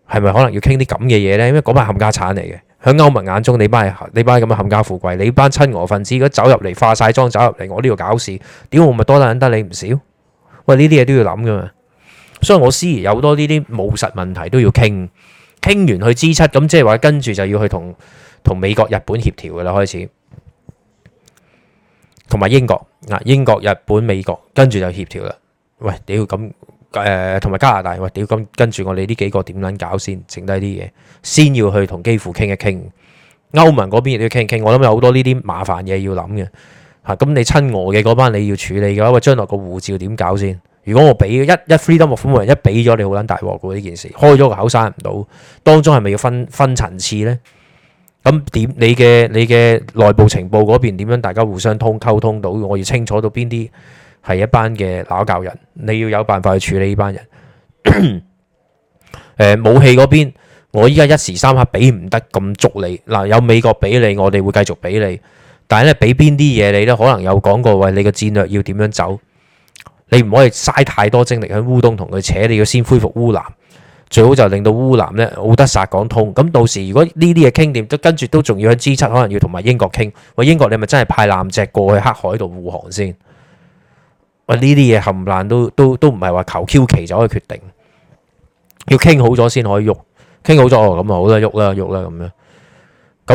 Speaker 1: 係咪可能要傾啲咁嘅嘢呢？因為嗰班冚家產嚟嘅，喺歐盟眼中你班你班咁嘅冚家富貴，你班親俄分子如果走入嚟化曬妝走入嚟，我呢度搞事，屌我咪多得捻得你唔少，喂，呢啲嘢都要諗噶嘛，所以我雖然有好多呢啲務實問題都要傾。傾完去支出，咁即係話跟住就要去同同美國、日本協調嘅啦，開始同埋英國啊，英國、日本、美國跟住就協調啦。喂，屌咁誒，同、呃、埋加拿大，喂屌咁跟住我哋呢幾個點撚搞先？剩低啲嘢先要去同幾乎傾一傾，歐盟嗰邊亦都要傾一傾。我諗有好多呢啲麻煩嘢要諗嘅嚇。咁、啊、你親俄嘅嗰班你要處理嘅話，喂，將來個護照點搞先？如果我俾一一 freedom 或反共人一俾咗你，好撚大鑊噶呢件事，開咗個口閂唔到，當中係咪要分分層次呢？咁點你嘅你嘅內部情報嗰邊點樣？大家互相通溝通到，我要清楚到邊啲係一班嘅攔教人，你要有辦法去處理呢班人、 (coughs) 呃。武器嗰邊，我依家一時三刻俾唔得咁捉你嗱，有美國俾你，我哋會繼續俾你，但係咧俾邊啲嘢你呢？可能有講過喂，你嘅戰略要點樣走？你唔可以嘥太多精力喺烏東同佢扯，你要先恢復烏南最好就令到烏南咧奧德薩港通。咁到時如果呢啲嘢傾掂，跟都跟住都仲要喺 G7 可能要同埋英國傾。喂，英國你咪真係派艦隻過去黑海度護航先。喂，呢啲嘢冚唪唥都都都唔係話求 Q 其就可以決定，要傾好咗先可以喐。傾好咗，我咁啊，好啦，喐啦，喐啦，咁樣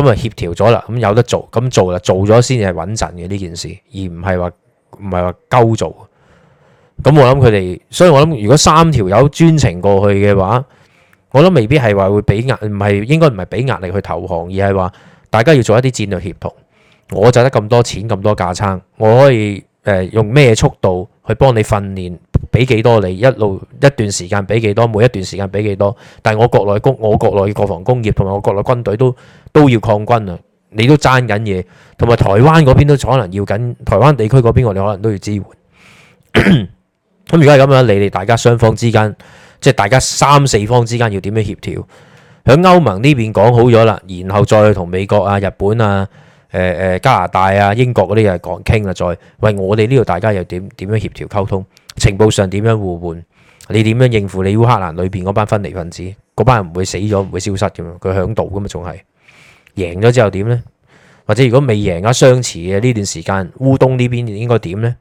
Speaker 1: 咁啊，協調咗啦，咁有得做咁做啦，做咗先係穩陣嘅呢件事，而唔係話唔係話鳩做。咁我諗佢哋，所以我諗如果三條友專程過去嘅話，我諗未必係話會俾壓，唔係，應該唔係俾壓力去投降，而係話大家要做一啲戰略協同。我就得咁多錢，咁多架撐，我可以誒用咩速度去幫你訓練，俾幾多你一路一段時間俾幾多，每一段時間俾幾多。但係我國內工，我國內嘅國防工業同埋我國內軍隊都都要抗軍啊，你都爭緊嘢，同埋台灣嗰邊都可能要緊，台灣地區嗰邊我哋可能都要支援。 (coughs) 咁如果係咁樣，你哋大家雙方之間，即係大家三四方之間要點樣協調？喺歐盟呢邊講好咗啦，然後再同美國啊、日本啊、誒、呃、誒加拿大啊、英國嗰啲又係講傾啦，再喂我哋呢度大家又點點樣協調溝通？情報上點樣互換？你點樣應付你烏克蘭裏邊嗰班分離分子？嗰班人唔會死咗，唔會消失噶嘛，佢響度噶嘛，仲係贏咗之後點呢？或者如果未贏啊，相持嘅呢段時間，烏東呢邊應該點呢？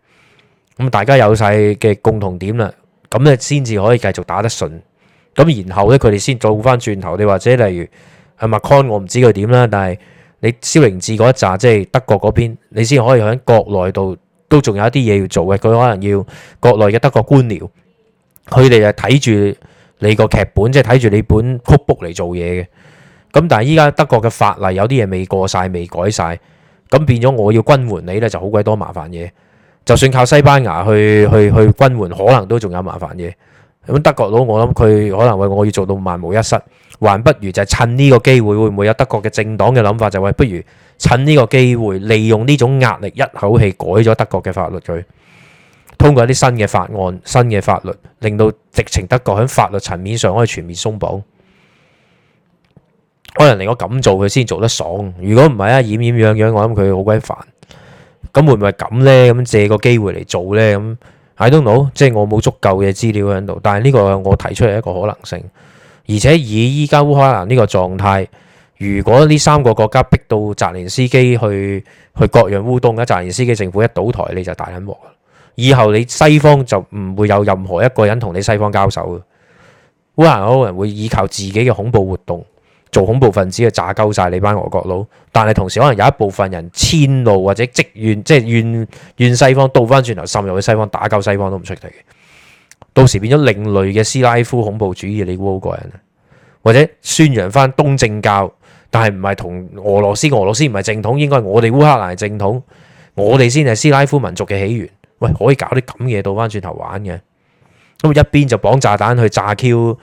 Speaker 1: 咁大家有晒嘅共同點啦，咁咧先至可以繼續打得順。咁然後咧，佢哋先做翻轉頭。你或者例如阿、啊、Macron，我唔知佢點啦。但係你肖凌志嗰一紮即係德國嗰邊，你先可以喺國內度都仲有一啲嘢要做嘅。佢可能要國內嘅德國官僚，佢哋就睇住你個劇本，即係睇住你本曲譜嚟做嘢嘅。咁但係依家德國嘅法例有啲嘢未過晒、未改晒，咁變咗我要軍援你咧，就好鬼多麻煩嘢。就算靠西班牙去去去軍援，可能都仲有麻煩嘅。咁德國佬，我諗佢可能話我要做到萬無一失，還不如就趁呢個機會，會唔會有德國嘅政黨嘅諗法，就係不如趁呢個機會，利用呢種壓力一口氣改咗德國嘅法律佢，通過一啲新嘅法案、新嘅法律，令到直情德國喺法律層面上可以全面鬆綁。可能嚟，我咁做佢先做得爽，如果唔係啊，染染樣樣，我諗佢好鬼煩。咁會唔會咁呢？咁借個機會嚟做呢？咁 I don't know，即係我冇足夠嘅資料喺度，但係呢個我提出嚟一個可能性。而且以依家烏克蘭呢個狀態，如果呢三個國家逼到澤連斯基去去割讓烏東，一澤連斯基政府一倒台，你就大隱患。以後你西方就唔會有任何一個人同你西方交手噶烏克蘭可能會依靠自己嘅恐怖活動。做恐怖分子嘅炸鳩晒你班俄國佬，但係同時可能有一部分人遷怒或者即怨，即係怨怨西方倒翻轉頭滲入去西方打鳩西方都唔出奇嘅，到時變咗另類嘅斯拉夫恐怖主義，你估好過人呀？或者宣揚翻東正教，但係唔係同俄羅斯？俄羅斯唔係正統，應該我哋烏克蘭係正統，我哋先係斯拉夫民族嘅起源。喂，可以搞啲咁嘢倒翻轉頭玩嘅，咁一邊就綁炸彈去炸 Q。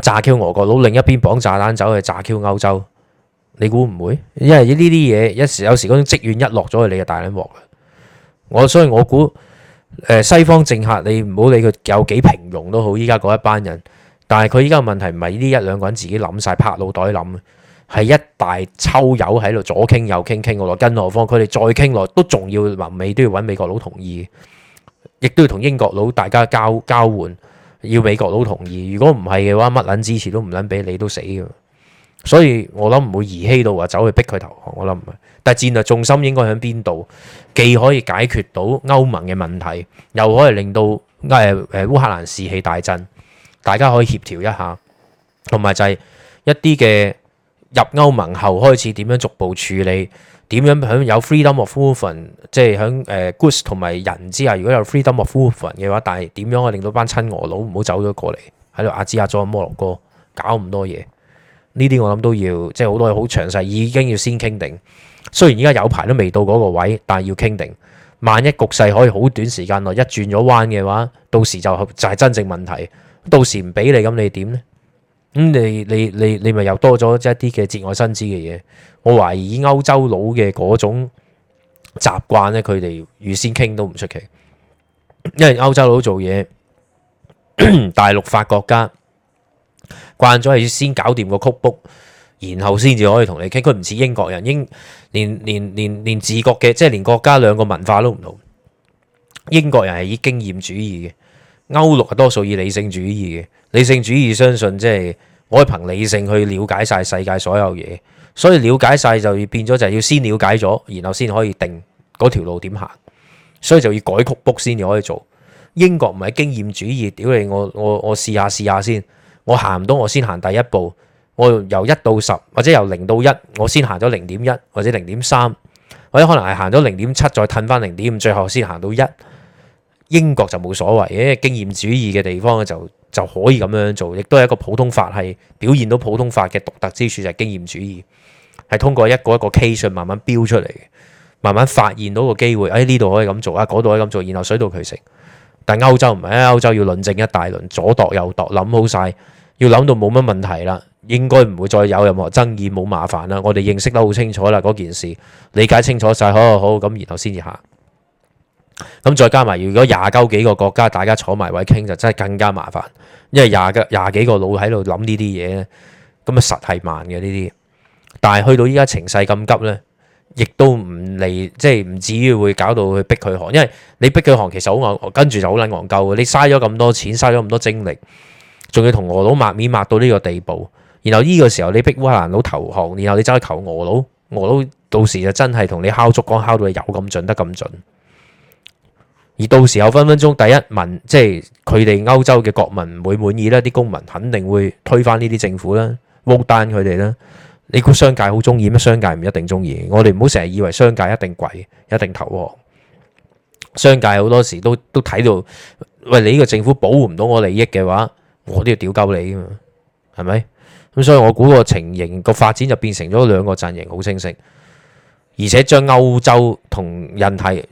Speaker 1: 炸 Q 俄國佬，另一邊綁炸彈走去炸 Q 歐洲，你估唔會？因為呢啲嘢一時有時嗰種職員一落咗，去，你就大撚鑊。我所以我，我、呃、估西方政客，你唔好理佢有幾平庸都好，依家嗰一班人。但係佢依家問題唔係呢一兩個人自己諗晒，拍腦袋諗，係一大抽友喺度左傾右傾傾落，更何況佢哋再傾落都仲要話美都要揾美國佬同意，亦都要同英國佬大家交交換。要美國佬同意，如果唔係嘅話，乜撚支持都唔撚俾，你都死嘅。所以我諗唔會兒戲到話走去逼佢投降，我諗唔係。但戰略重心應該喺邊度？既可以解決到歐盟嘅問題，又可以令到誒誒、呃、烏克蘭士氣大振，大家可以協調一下，同埋就係一啲嘅入歐盟後開始點樣逐步處理。點樣響有 freedom of movement，即係響誒 goods 同埋人之下，如果有 freedom of movement 嘅話，但係點樣可以令到班親俄佬唔好走咗過嚟喺度壓支壓裝摩洛哥搞咁多嘢？呢啲我諗都要即係好多嘢好詳細，已經要先傾定。雖然依家有排都未到嗰個位，但係要傾定。萬一局勢可以好短時間內一轉咗彎嘅話，到時就就係真正問題。到時唔俾你咁，你點咧？咁、嗯、你你你你咪又多咗一啲嘅節外生枝嘅嘢。我懷疑歐洲佬嘅嗰種習慣咧，佢哋預先傾都唔出奇，因為歐洲佬做嘢，大陸法國家慣咗係要先搞掂個 code book，然後先至可以同你傾。佢唔似英國人，英連連連連自覺嘅，即係連國家兩個文化都唔同。英國人係以經驗主義嘅。歐陸係多數以理性主義嘅，理性主義相信即係我係憑理性去了解晒世界所有嘢，所以了解晒就變咗就係要先了解咗，然後先可以定嗰條路點行，所以就要改曲 book 先至可以做。英國唔係經驗主義，屌你我我我試下試下先，我行唔到我先行第一步，我由一到十或者由零到一，我先行咗零點一或者零點三，或者可能係行咗零點七再褪翻零點五，最後先行到一。英國就冇所謂，因為經驗主義嘅地方就就可以咁樣做，亦都係一個普通法係表現到普通法嘅獨特之處就係經驗主義，係通過一個一個 case 慢慢標出嚟，慢慢發現到個機會，哎呢度可以咁做啊，嗰度可以咁做，然後水到渠成。但係歐洲唔係，歐洲要論證一大輪，左度右度，諗好晒，要諗到冇乜問題啦，應該唔會再有任何爭議，冇麻煩啦。我哋認識得好清楚啦，嗰件事理解清楚晒，好好咁，然後先至行。咁再加埋，如果廿九幾個國家大家坐埋位傾，就真係更加麻煩，因為廿個廿幾個佬喺度諗呢啲嘢，咁啊實係慢嘅呢啲。但係去到依家情勢咁急呢，亦都唔嚟，即係唔至於會搞到去逼佢行，因為你逼佢行，其實好難跟住就好捻戇鳩。你嘥咗咁多錢，嘥咗咁多精力，仲要同俄佬抹面抹到呢個地步，然後呢個時候你逼烏克蘭佬投降，然後你走去求俄佬，俄佬到時就真係同你敲竹竿敲到有咁準，得咁準。而到時候分分鐘第一民即係佢哋歐洲嘅國民唔會滿意啦，啲公民肯定會推翻呢啲政府啦，烏丹佢哋啦。你估商界好中意咩？商界唔一定中意。我哋唔好成日以為商界一定跪，一定投。商界好多時都都睇到，喂，你呢個政府保護唔到我利益嘅話，我都要屌鳩你啊嘛，係咪？咁所以我估個情形、這個發展就變成咗兩個陣營好清晰，而且將歐洲同印太。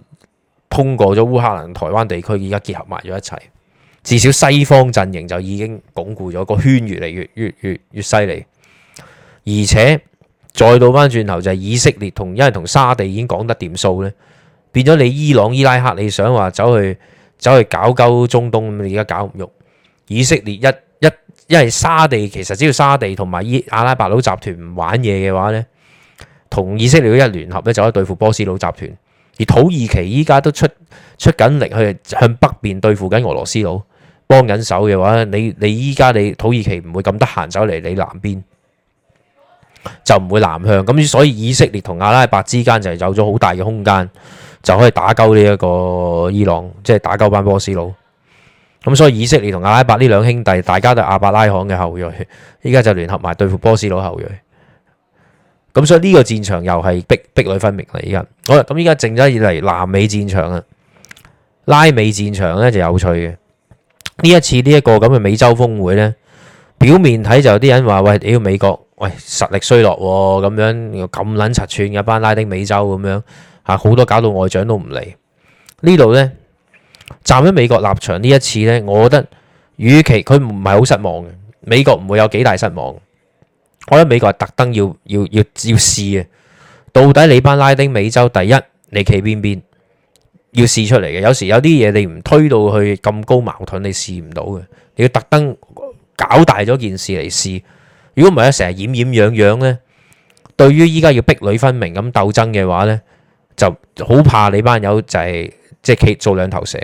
Speaker 1: 通過咗烏克蘭台灣地區，而家結合埋咗一齊。至少西方陣營就已經鞏固咗、個圈越越，越嚟越越越越犀利。而且再到翻轉頭就係、是、以色列同，因為同沙地已經講得掂數咧，變咗你伊朗伊拉克，你想話走去走去搞鳩中東，你而家搞唔喐。以色列一一,一因為沙地其實只要沙地同埋伊阿拉伯佬集團唔玩嘢嘅話咧，同以色列一聯合咧，就可以對付波斯佬集團。而土耳其依家都出出緊力去向北邊對付緊俄羅斯佬，幫緊手嘅話，你你依家你土耳其唔會咁得閒走嚟你南邊，就唔會南向。咁所以以色列同阿拉伯之間就係有咗好大嘅空間，就可以打鳩呢一個伊朗，即係打鳩班波斯佬。咁所以以色列同阿拉伯呢兩兄弟，大家都係阿伯拉罕嘅後裔，依家就聯合埋對付波斯佬後裔。咁所以呢個戰場又係壁壘分明啦，依家好啦，咁依家靜咗以嚟南美戰場啊，拉美戰場咧就有趣嘅。呢一次呢一個咁嘅美洲峰會咧，表面睇就有啲人話喂，屌美國喂實力衰落咁樣，咁撚七寸嘅班拉丁美洲咁樣吓，好多搞到外長都唔嚟呢度咧。站喺美國立場呢一次咧，我覺得與其佢唔係好失望嘅，美國唔會有幾大失望。我諗美國係特登要要要試啊！到底你班拉丁美洲第一，你企邊邊？要試出嚟嘅。有時有啲嘢你唔推到去咁高矛盾，你試唔到嘅。你要特登搞大咗件事嚟試。如果唔係咧，成日掩掩養養咧，對於依家要壁壘分明咁鬥爭嘅話咧，就好怕你班友就係即係企做兩頭蛇。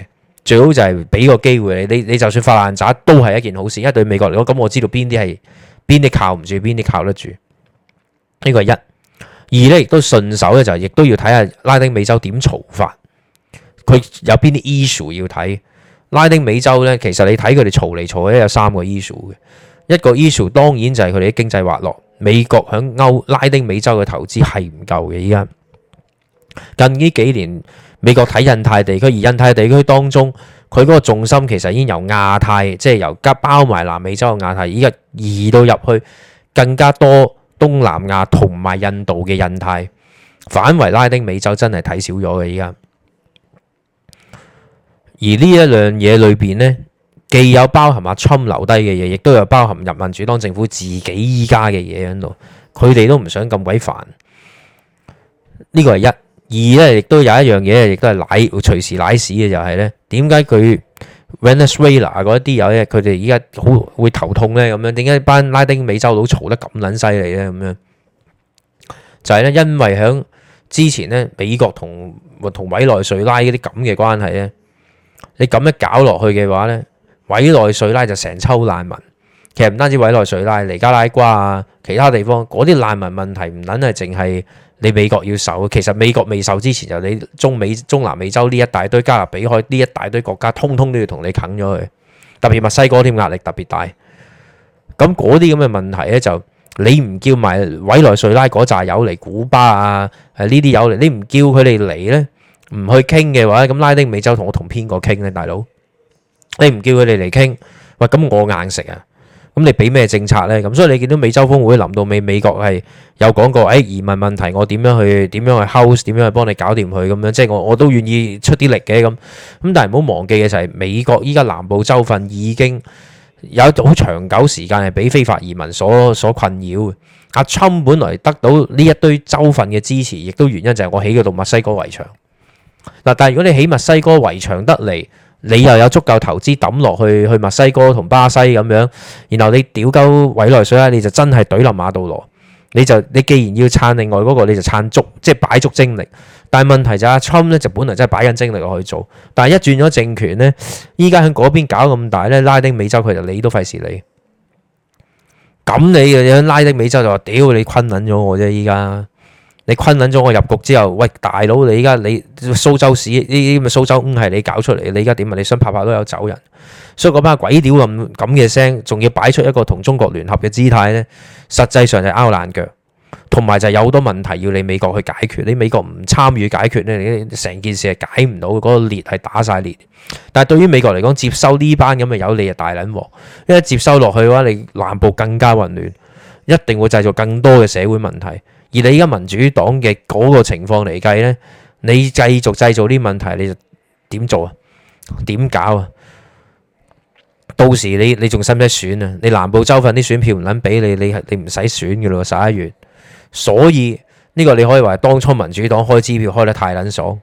Speaker 1: 最好就係俾個機會你，你你就算發爛渣都係一件好事，因為對美國嚟講，咁我知道邊啲係。邊啲靠唔住，邊啲靠得住？呢個係一，二咧，亦都順手咧、就係，就亦都要睇下拉丁美洲點嘈法。佢有邊啲 issue 要睇？拉丁美洲咧，其實你睇佢哋嘈嚟嘈去，有三個 issue 嘅。一個 issue 當然就係佢哋啲經濟滑落。美國響歐拉丁美洲嘅投資係唔夠嘅。依家近呢幾年，美國睇印太地區，而印太地區當中。佢嗰個重心其實已經由亞太，即係由加包埋南美洲嘅亞太，而家移到入去更加多東南亞同埋印度嘅印太，反為拉丁美洲真係睇少咗嘅依家。而呢一樣嘢裏邊呢，既有包含阿侵留低嘅嘢，亦都有包含入民主黨政府自己依家嘅嘢喺度，佢哋都唔想咁鬼煩。呢個係一，二呢亦都有一樣嘢，亦都係瀨隨時瀨屎嘅就係呢。點解佢 Venezuela 嗰一啲友咧，佢哋依家好會頭痛咧咁樣？點解班拉丁美洲佬嘈得咁撚犀利咧咁樣？就係咧，因為響之前咧，美國同同委內瑞拉嗰啲咁嘅關係咧，你咁一搞落去嘅話咧，委內瑞拉就成抽難民。其實唔單止委內瑞拉、尼加拉瓜啊，其他地方嗰啲難民問題唔撚係淨係你美國要受，其實美國未受之前就你中美中南美洲呢一大堆加勒比海呢一大堆國家，通通都要同你啃咗佢。特別墨西哥啲壓力特別大。咁嗰啲咁嘅問題咧，就你唔叫埋委內瑞拉嗰扎友嚟古巴啊，係呢啲友嚟，你唔叫佢哋嚟咧，唔去傾嘅話，咁拉丁美洲同我同邊個傾咧，大佬？你唔叫佢哋嚟傾，喂咁我硬食啊！咁你俾咩政策呢？咁所以你見到美洲峰會臨到尾，美國係有講過，誒、哎、移民問題，我點樣去點樣去 house，點樣去幫你搞掂佢咁樣，即係我我都願意出啲力嘅咁。咁但係唔好忘記嘅就係美國依家南部州份已經有一段好長久時間係俾非法移民所所困擾。阿、啊、川本來得到呢一堆州份嘅支持，亦都原因就係我起嗰度墨西哥圍牆。嗱，但係如果你起墨西哥圍牆得嚟。你又有足夠投資抌落去去墨西哥同巴西咁樣，然後你屌鳩委內瑞拉，你就真係懟冧馬杜羅，你就你既然要撐另外嗰個，你就撐足即係擺足精力。但係問題就係阿侵咧就本嚟真係擺緊精力落去做，但係一轉咗政權咧，依家喺嗰邊搞咁大咧，拉丁美洲佢就理都費事理，咁你又喺拉丁美洲就話屌你昆撚咗我啫依家。你困捻咗我入局之後，喂大佬你而家你蘇州市呢啲咁嘅蘇州唔係、嗯、你搞出嚟，你而家點啊？你想拍拍都有走人，所以嗰班鬼屌咁咁嘅聲，仲要擺出一個同中國聯合嘅姿態咧，實際上就拗爛腳，同埋就有好多問題要你美國去解決。你美國唔參與解決咧，你成件事係解唔到，嗰、嗰個裂係打晒裂。但係對於美國嚟講，接收呢班咁嘅有利就大撚鑊，因為接收落去嘅話，你南部更加混亂，一定會製造更多嘅社會問題。而你而家民主黨嘅嗰個情況嚟計呢，你繼續製造啲問題，你就點做啊？點搞啊？到時你你仲使唔使選啊？你南部州份啲選票唔撚俾你，你係你唔使選嘅咯，十一月。所以呢個你可以話，當初民主黨開支票開得太撚爽，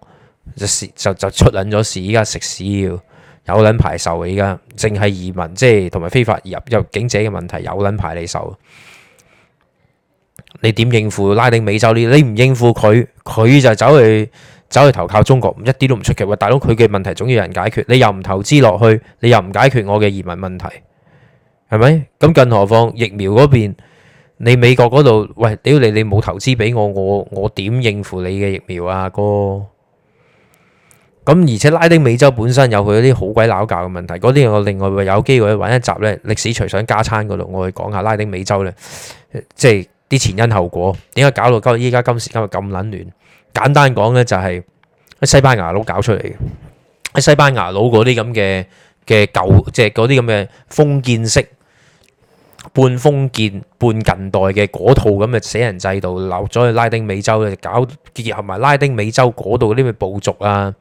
Speaker 1: 就就，就出撚咗事。依家食屎要有撚排受，依家淨係移民即係同埋非法入入境者嘅問題有撚排你受。你點應付拉丁美洲呢？你唔應付佢，佢就走去走去投靠中國，一啲都唔出奇。喂，大佬，佢嘅問題總要有人解決，你又唔投資落去，你又唔解決我嘅移民問題，係咪？咁更何況疫苗嗰邊，你美國嗰度，喂，屌你，你冇投資俾我，我我點應付你嘅疫苗啊哥？咁而且拉丁美洲本身有佢啲好鬼鬧教嘅問題，嗰啲我另外會有機會去揾一集咧，歷史隨想加餐嗰度，我去講下拉丁美洲咧，即係。啲前因後果點解搞到今依家今時今日咁撚亂？簡單講咧，就係西班牙佬搞出嚟嘅。西班牙佬嗰啲咁嘅嘅舊，即係嗰啲咁嘅封建式、半封建、半近代嘅嗰套咁嘅死人制度，留咗去拉丁美洲咧，就搞結合埋拉丁美洲嗰度啲咩部族啊，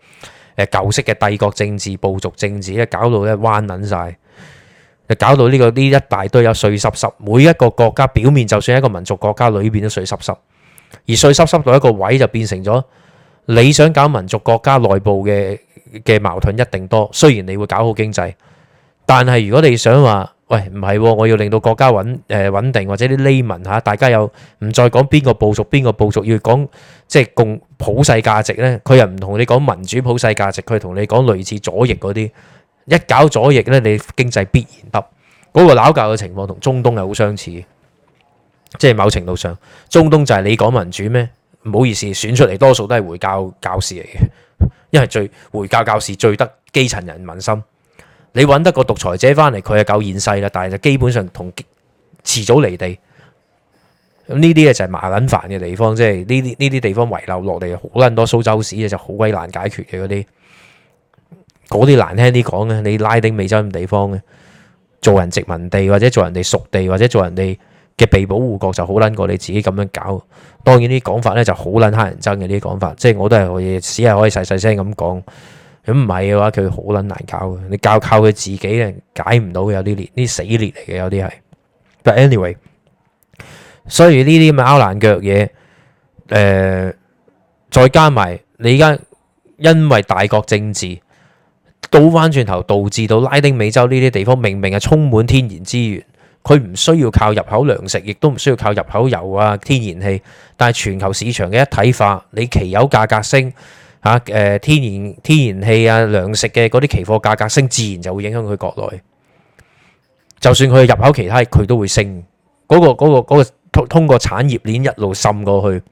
Speaker 1: 誒舊式嘅帝國政治部族政治咧，搞到咧彎撚晒。就搞到呢個啲一大堆有碎濕濕，每一個國家表面就算一個民族國家，裏邊都碎濕濕。而碎濕濕到一個位就變成咗，你想搞民族國家內部嘅嘅矛盾一定多。雖然你會搞好經濟，但係如果你想話，喂唔係，我要令到國家穩誒穩定，或者啲黎民嚇大家又唔再講邊個部族邊個部族，要講即係共普世價值呢？佢又唔同你講民主普世價值，佢同你講類似左翼嗰啲。一搞左翼呢，你經濟必然得嗰、那個撈教嘅情況同中東係好相似，即係某程度上，中東就係你講民主咩？唔好意思，選出嚟多數都係回教教士嚟嘅，因為最回教教士最得基層人民心。你揾得個獨裁者翻嚟，佢係夠現世啦，但係就基本上同遲早離地。呢啲嘢就係麻撚煩嘅地方，即係呢啲呢啲地方遺留落嚟好多多蘇州屎啊，就好鬼難解決嘅嗰啲。嗰啲難聽啲講嘅，你拉丁美洲咁地方嘅，做人殖民地或者做人哋屬地或者做人哋嘅被保護國就好撚過你自己咁樣搞。當然啲講法咧就好撚乞人憎嘅啲講法，即係我都係可以，只係可以細細聲咁講。咁唔係嘅話，佢好撚難搞嘅。你教靠佢自己咧，解唔到有啲裂，啲死裂嚟嘅有啲係。But anyway，所以呢啲咁嘅拗爛腳嘢，誒、呃，再加埋你而家因為大國政治。倒翻轉頭，導致到拉丁美洲呢啲地方明明係充滿天然資源，佢唔需要靠入口糧食，亦都唔需要靠入口油啊、天然氣。但係全球市場嘅一體化，你期油價格升吓，誒、啊、天然天然氣啊、糧食嘅嗰啲期貨價格升，自然就會影響佢國內。就算佢入口其他，佢都會升。嗰、嗰個嗰通、嗰個嗰個、通過產業鏈一路滲過去，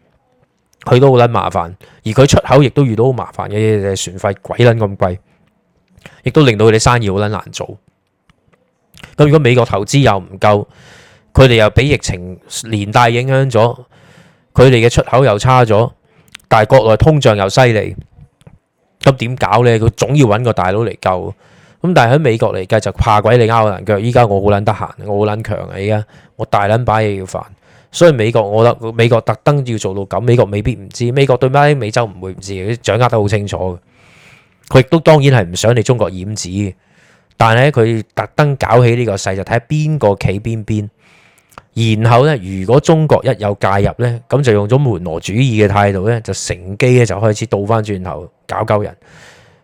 Speaker 1: 佢都好撚麻煩。而佢出口亦都遇到好麻煩嘅船費鬼撚咁貴。亦都令到佢哋生意好撚難做。咁如果美國投資又唔夠，佢哋又俾疫情連帶影響咗，佢哋嘅出口又差咗，但係國內通脹又犀利，咁點搞咧？佢總要揾個大佬嚟救。咁但係喺美國嚟計就怕鬼你拗我人腳。依家我好撚得閒，我好撚強啊！依家我大撚擺嘢要煩，所以美國我覺得美國特登要做到咁，美國未必唔知，美國對拉丁美洲唔會唔知，掌握得好清楚佢亦都當然係唔想你中國染指，但係咧佢特登搞起呢個勢就睇下邊個企邊邊，然後咧如果中國一有介入咧，咁就用咗門羅主義嘅態度咧，就乘機咧就開始倒翻轉頭搞救人。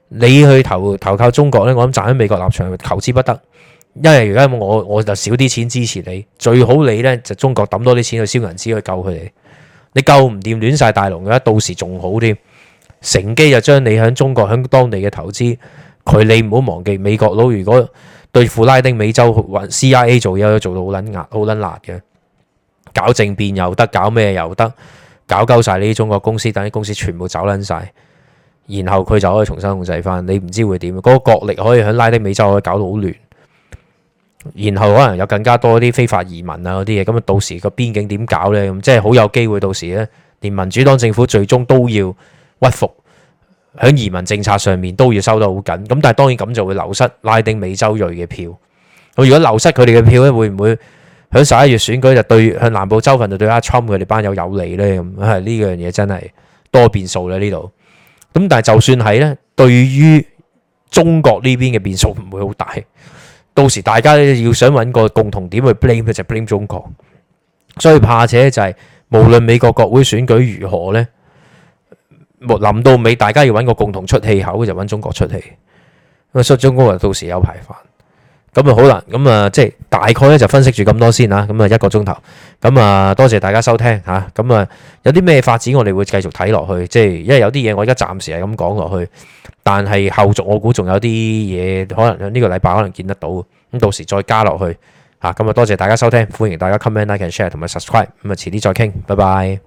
Speaker 1: 你去投投靠中國咧，我諗站喺美國立場求之不得，因為而家我我就少啲錢支持你，最好你咧就中國抌多啲錢去燒銀紙去救佢哋，你救唔掂亂晒大龍嘅，到時仲好添。乘機就將你喺中國喺當地嘅投資，佢你唔好忘記美國佬。如果對付拉丁美洲或 CIA 做嘢，做到好撚硬好撚辣嘅，搞政變又得，搞咩又得，搞鳩晒呢啲中國公司，等啲公司全部走撚晒，然後佢就可以重新控制翻。你唔知會點，嗰、那個角力可以喺拉丁美洲可以搞到好亂，然後可能有更加多啲非法移民啊嗰啲嘢。咁啊，到時個邊境點搞呢？咁即係好有機會到時咧，連民主黨政府最終都要。不服喺移民政策上面都要收得好緊，咁但係當然咁就會流失拉丁美洲裔嘅票。咁如果流失佢哋嘅票咧，會唔會響十一月選舉就對向南部州份就對阿 Trump 佢哋班友有利呢？咁係呢樣嘢真係多變數啦呢度。咁但係就算係呢，對於中國呢邊嘅變數唔會好大。到時大家要想揾個共同點去 blame，就 blame 中國。所以怕且就係、是、無論美國國會選舉如何呢。冇臨到尾，大家要揾個共同出氣口，就揾中國出氣。咁啊，所以中國人到時有排煩。咁啊，好啦，咁啊，即係大概咧就分析住咁多先啦。咁啊，一個鐘頭。咁啊，多謝大家收聽嚇。咁啊，有啲咩發展我哋會繼續睇落去。即係因為有啲嘢我而家暫時係咁講落去，但係後續我估仲有啲嘢可能呢個禮拜可能見得到。咁到時再加落去嚇。咁啊，多謝大家收聽。歡迎大家 comment like and share 同埋 subscribe。咁啊，遲啲再傾。拜拜。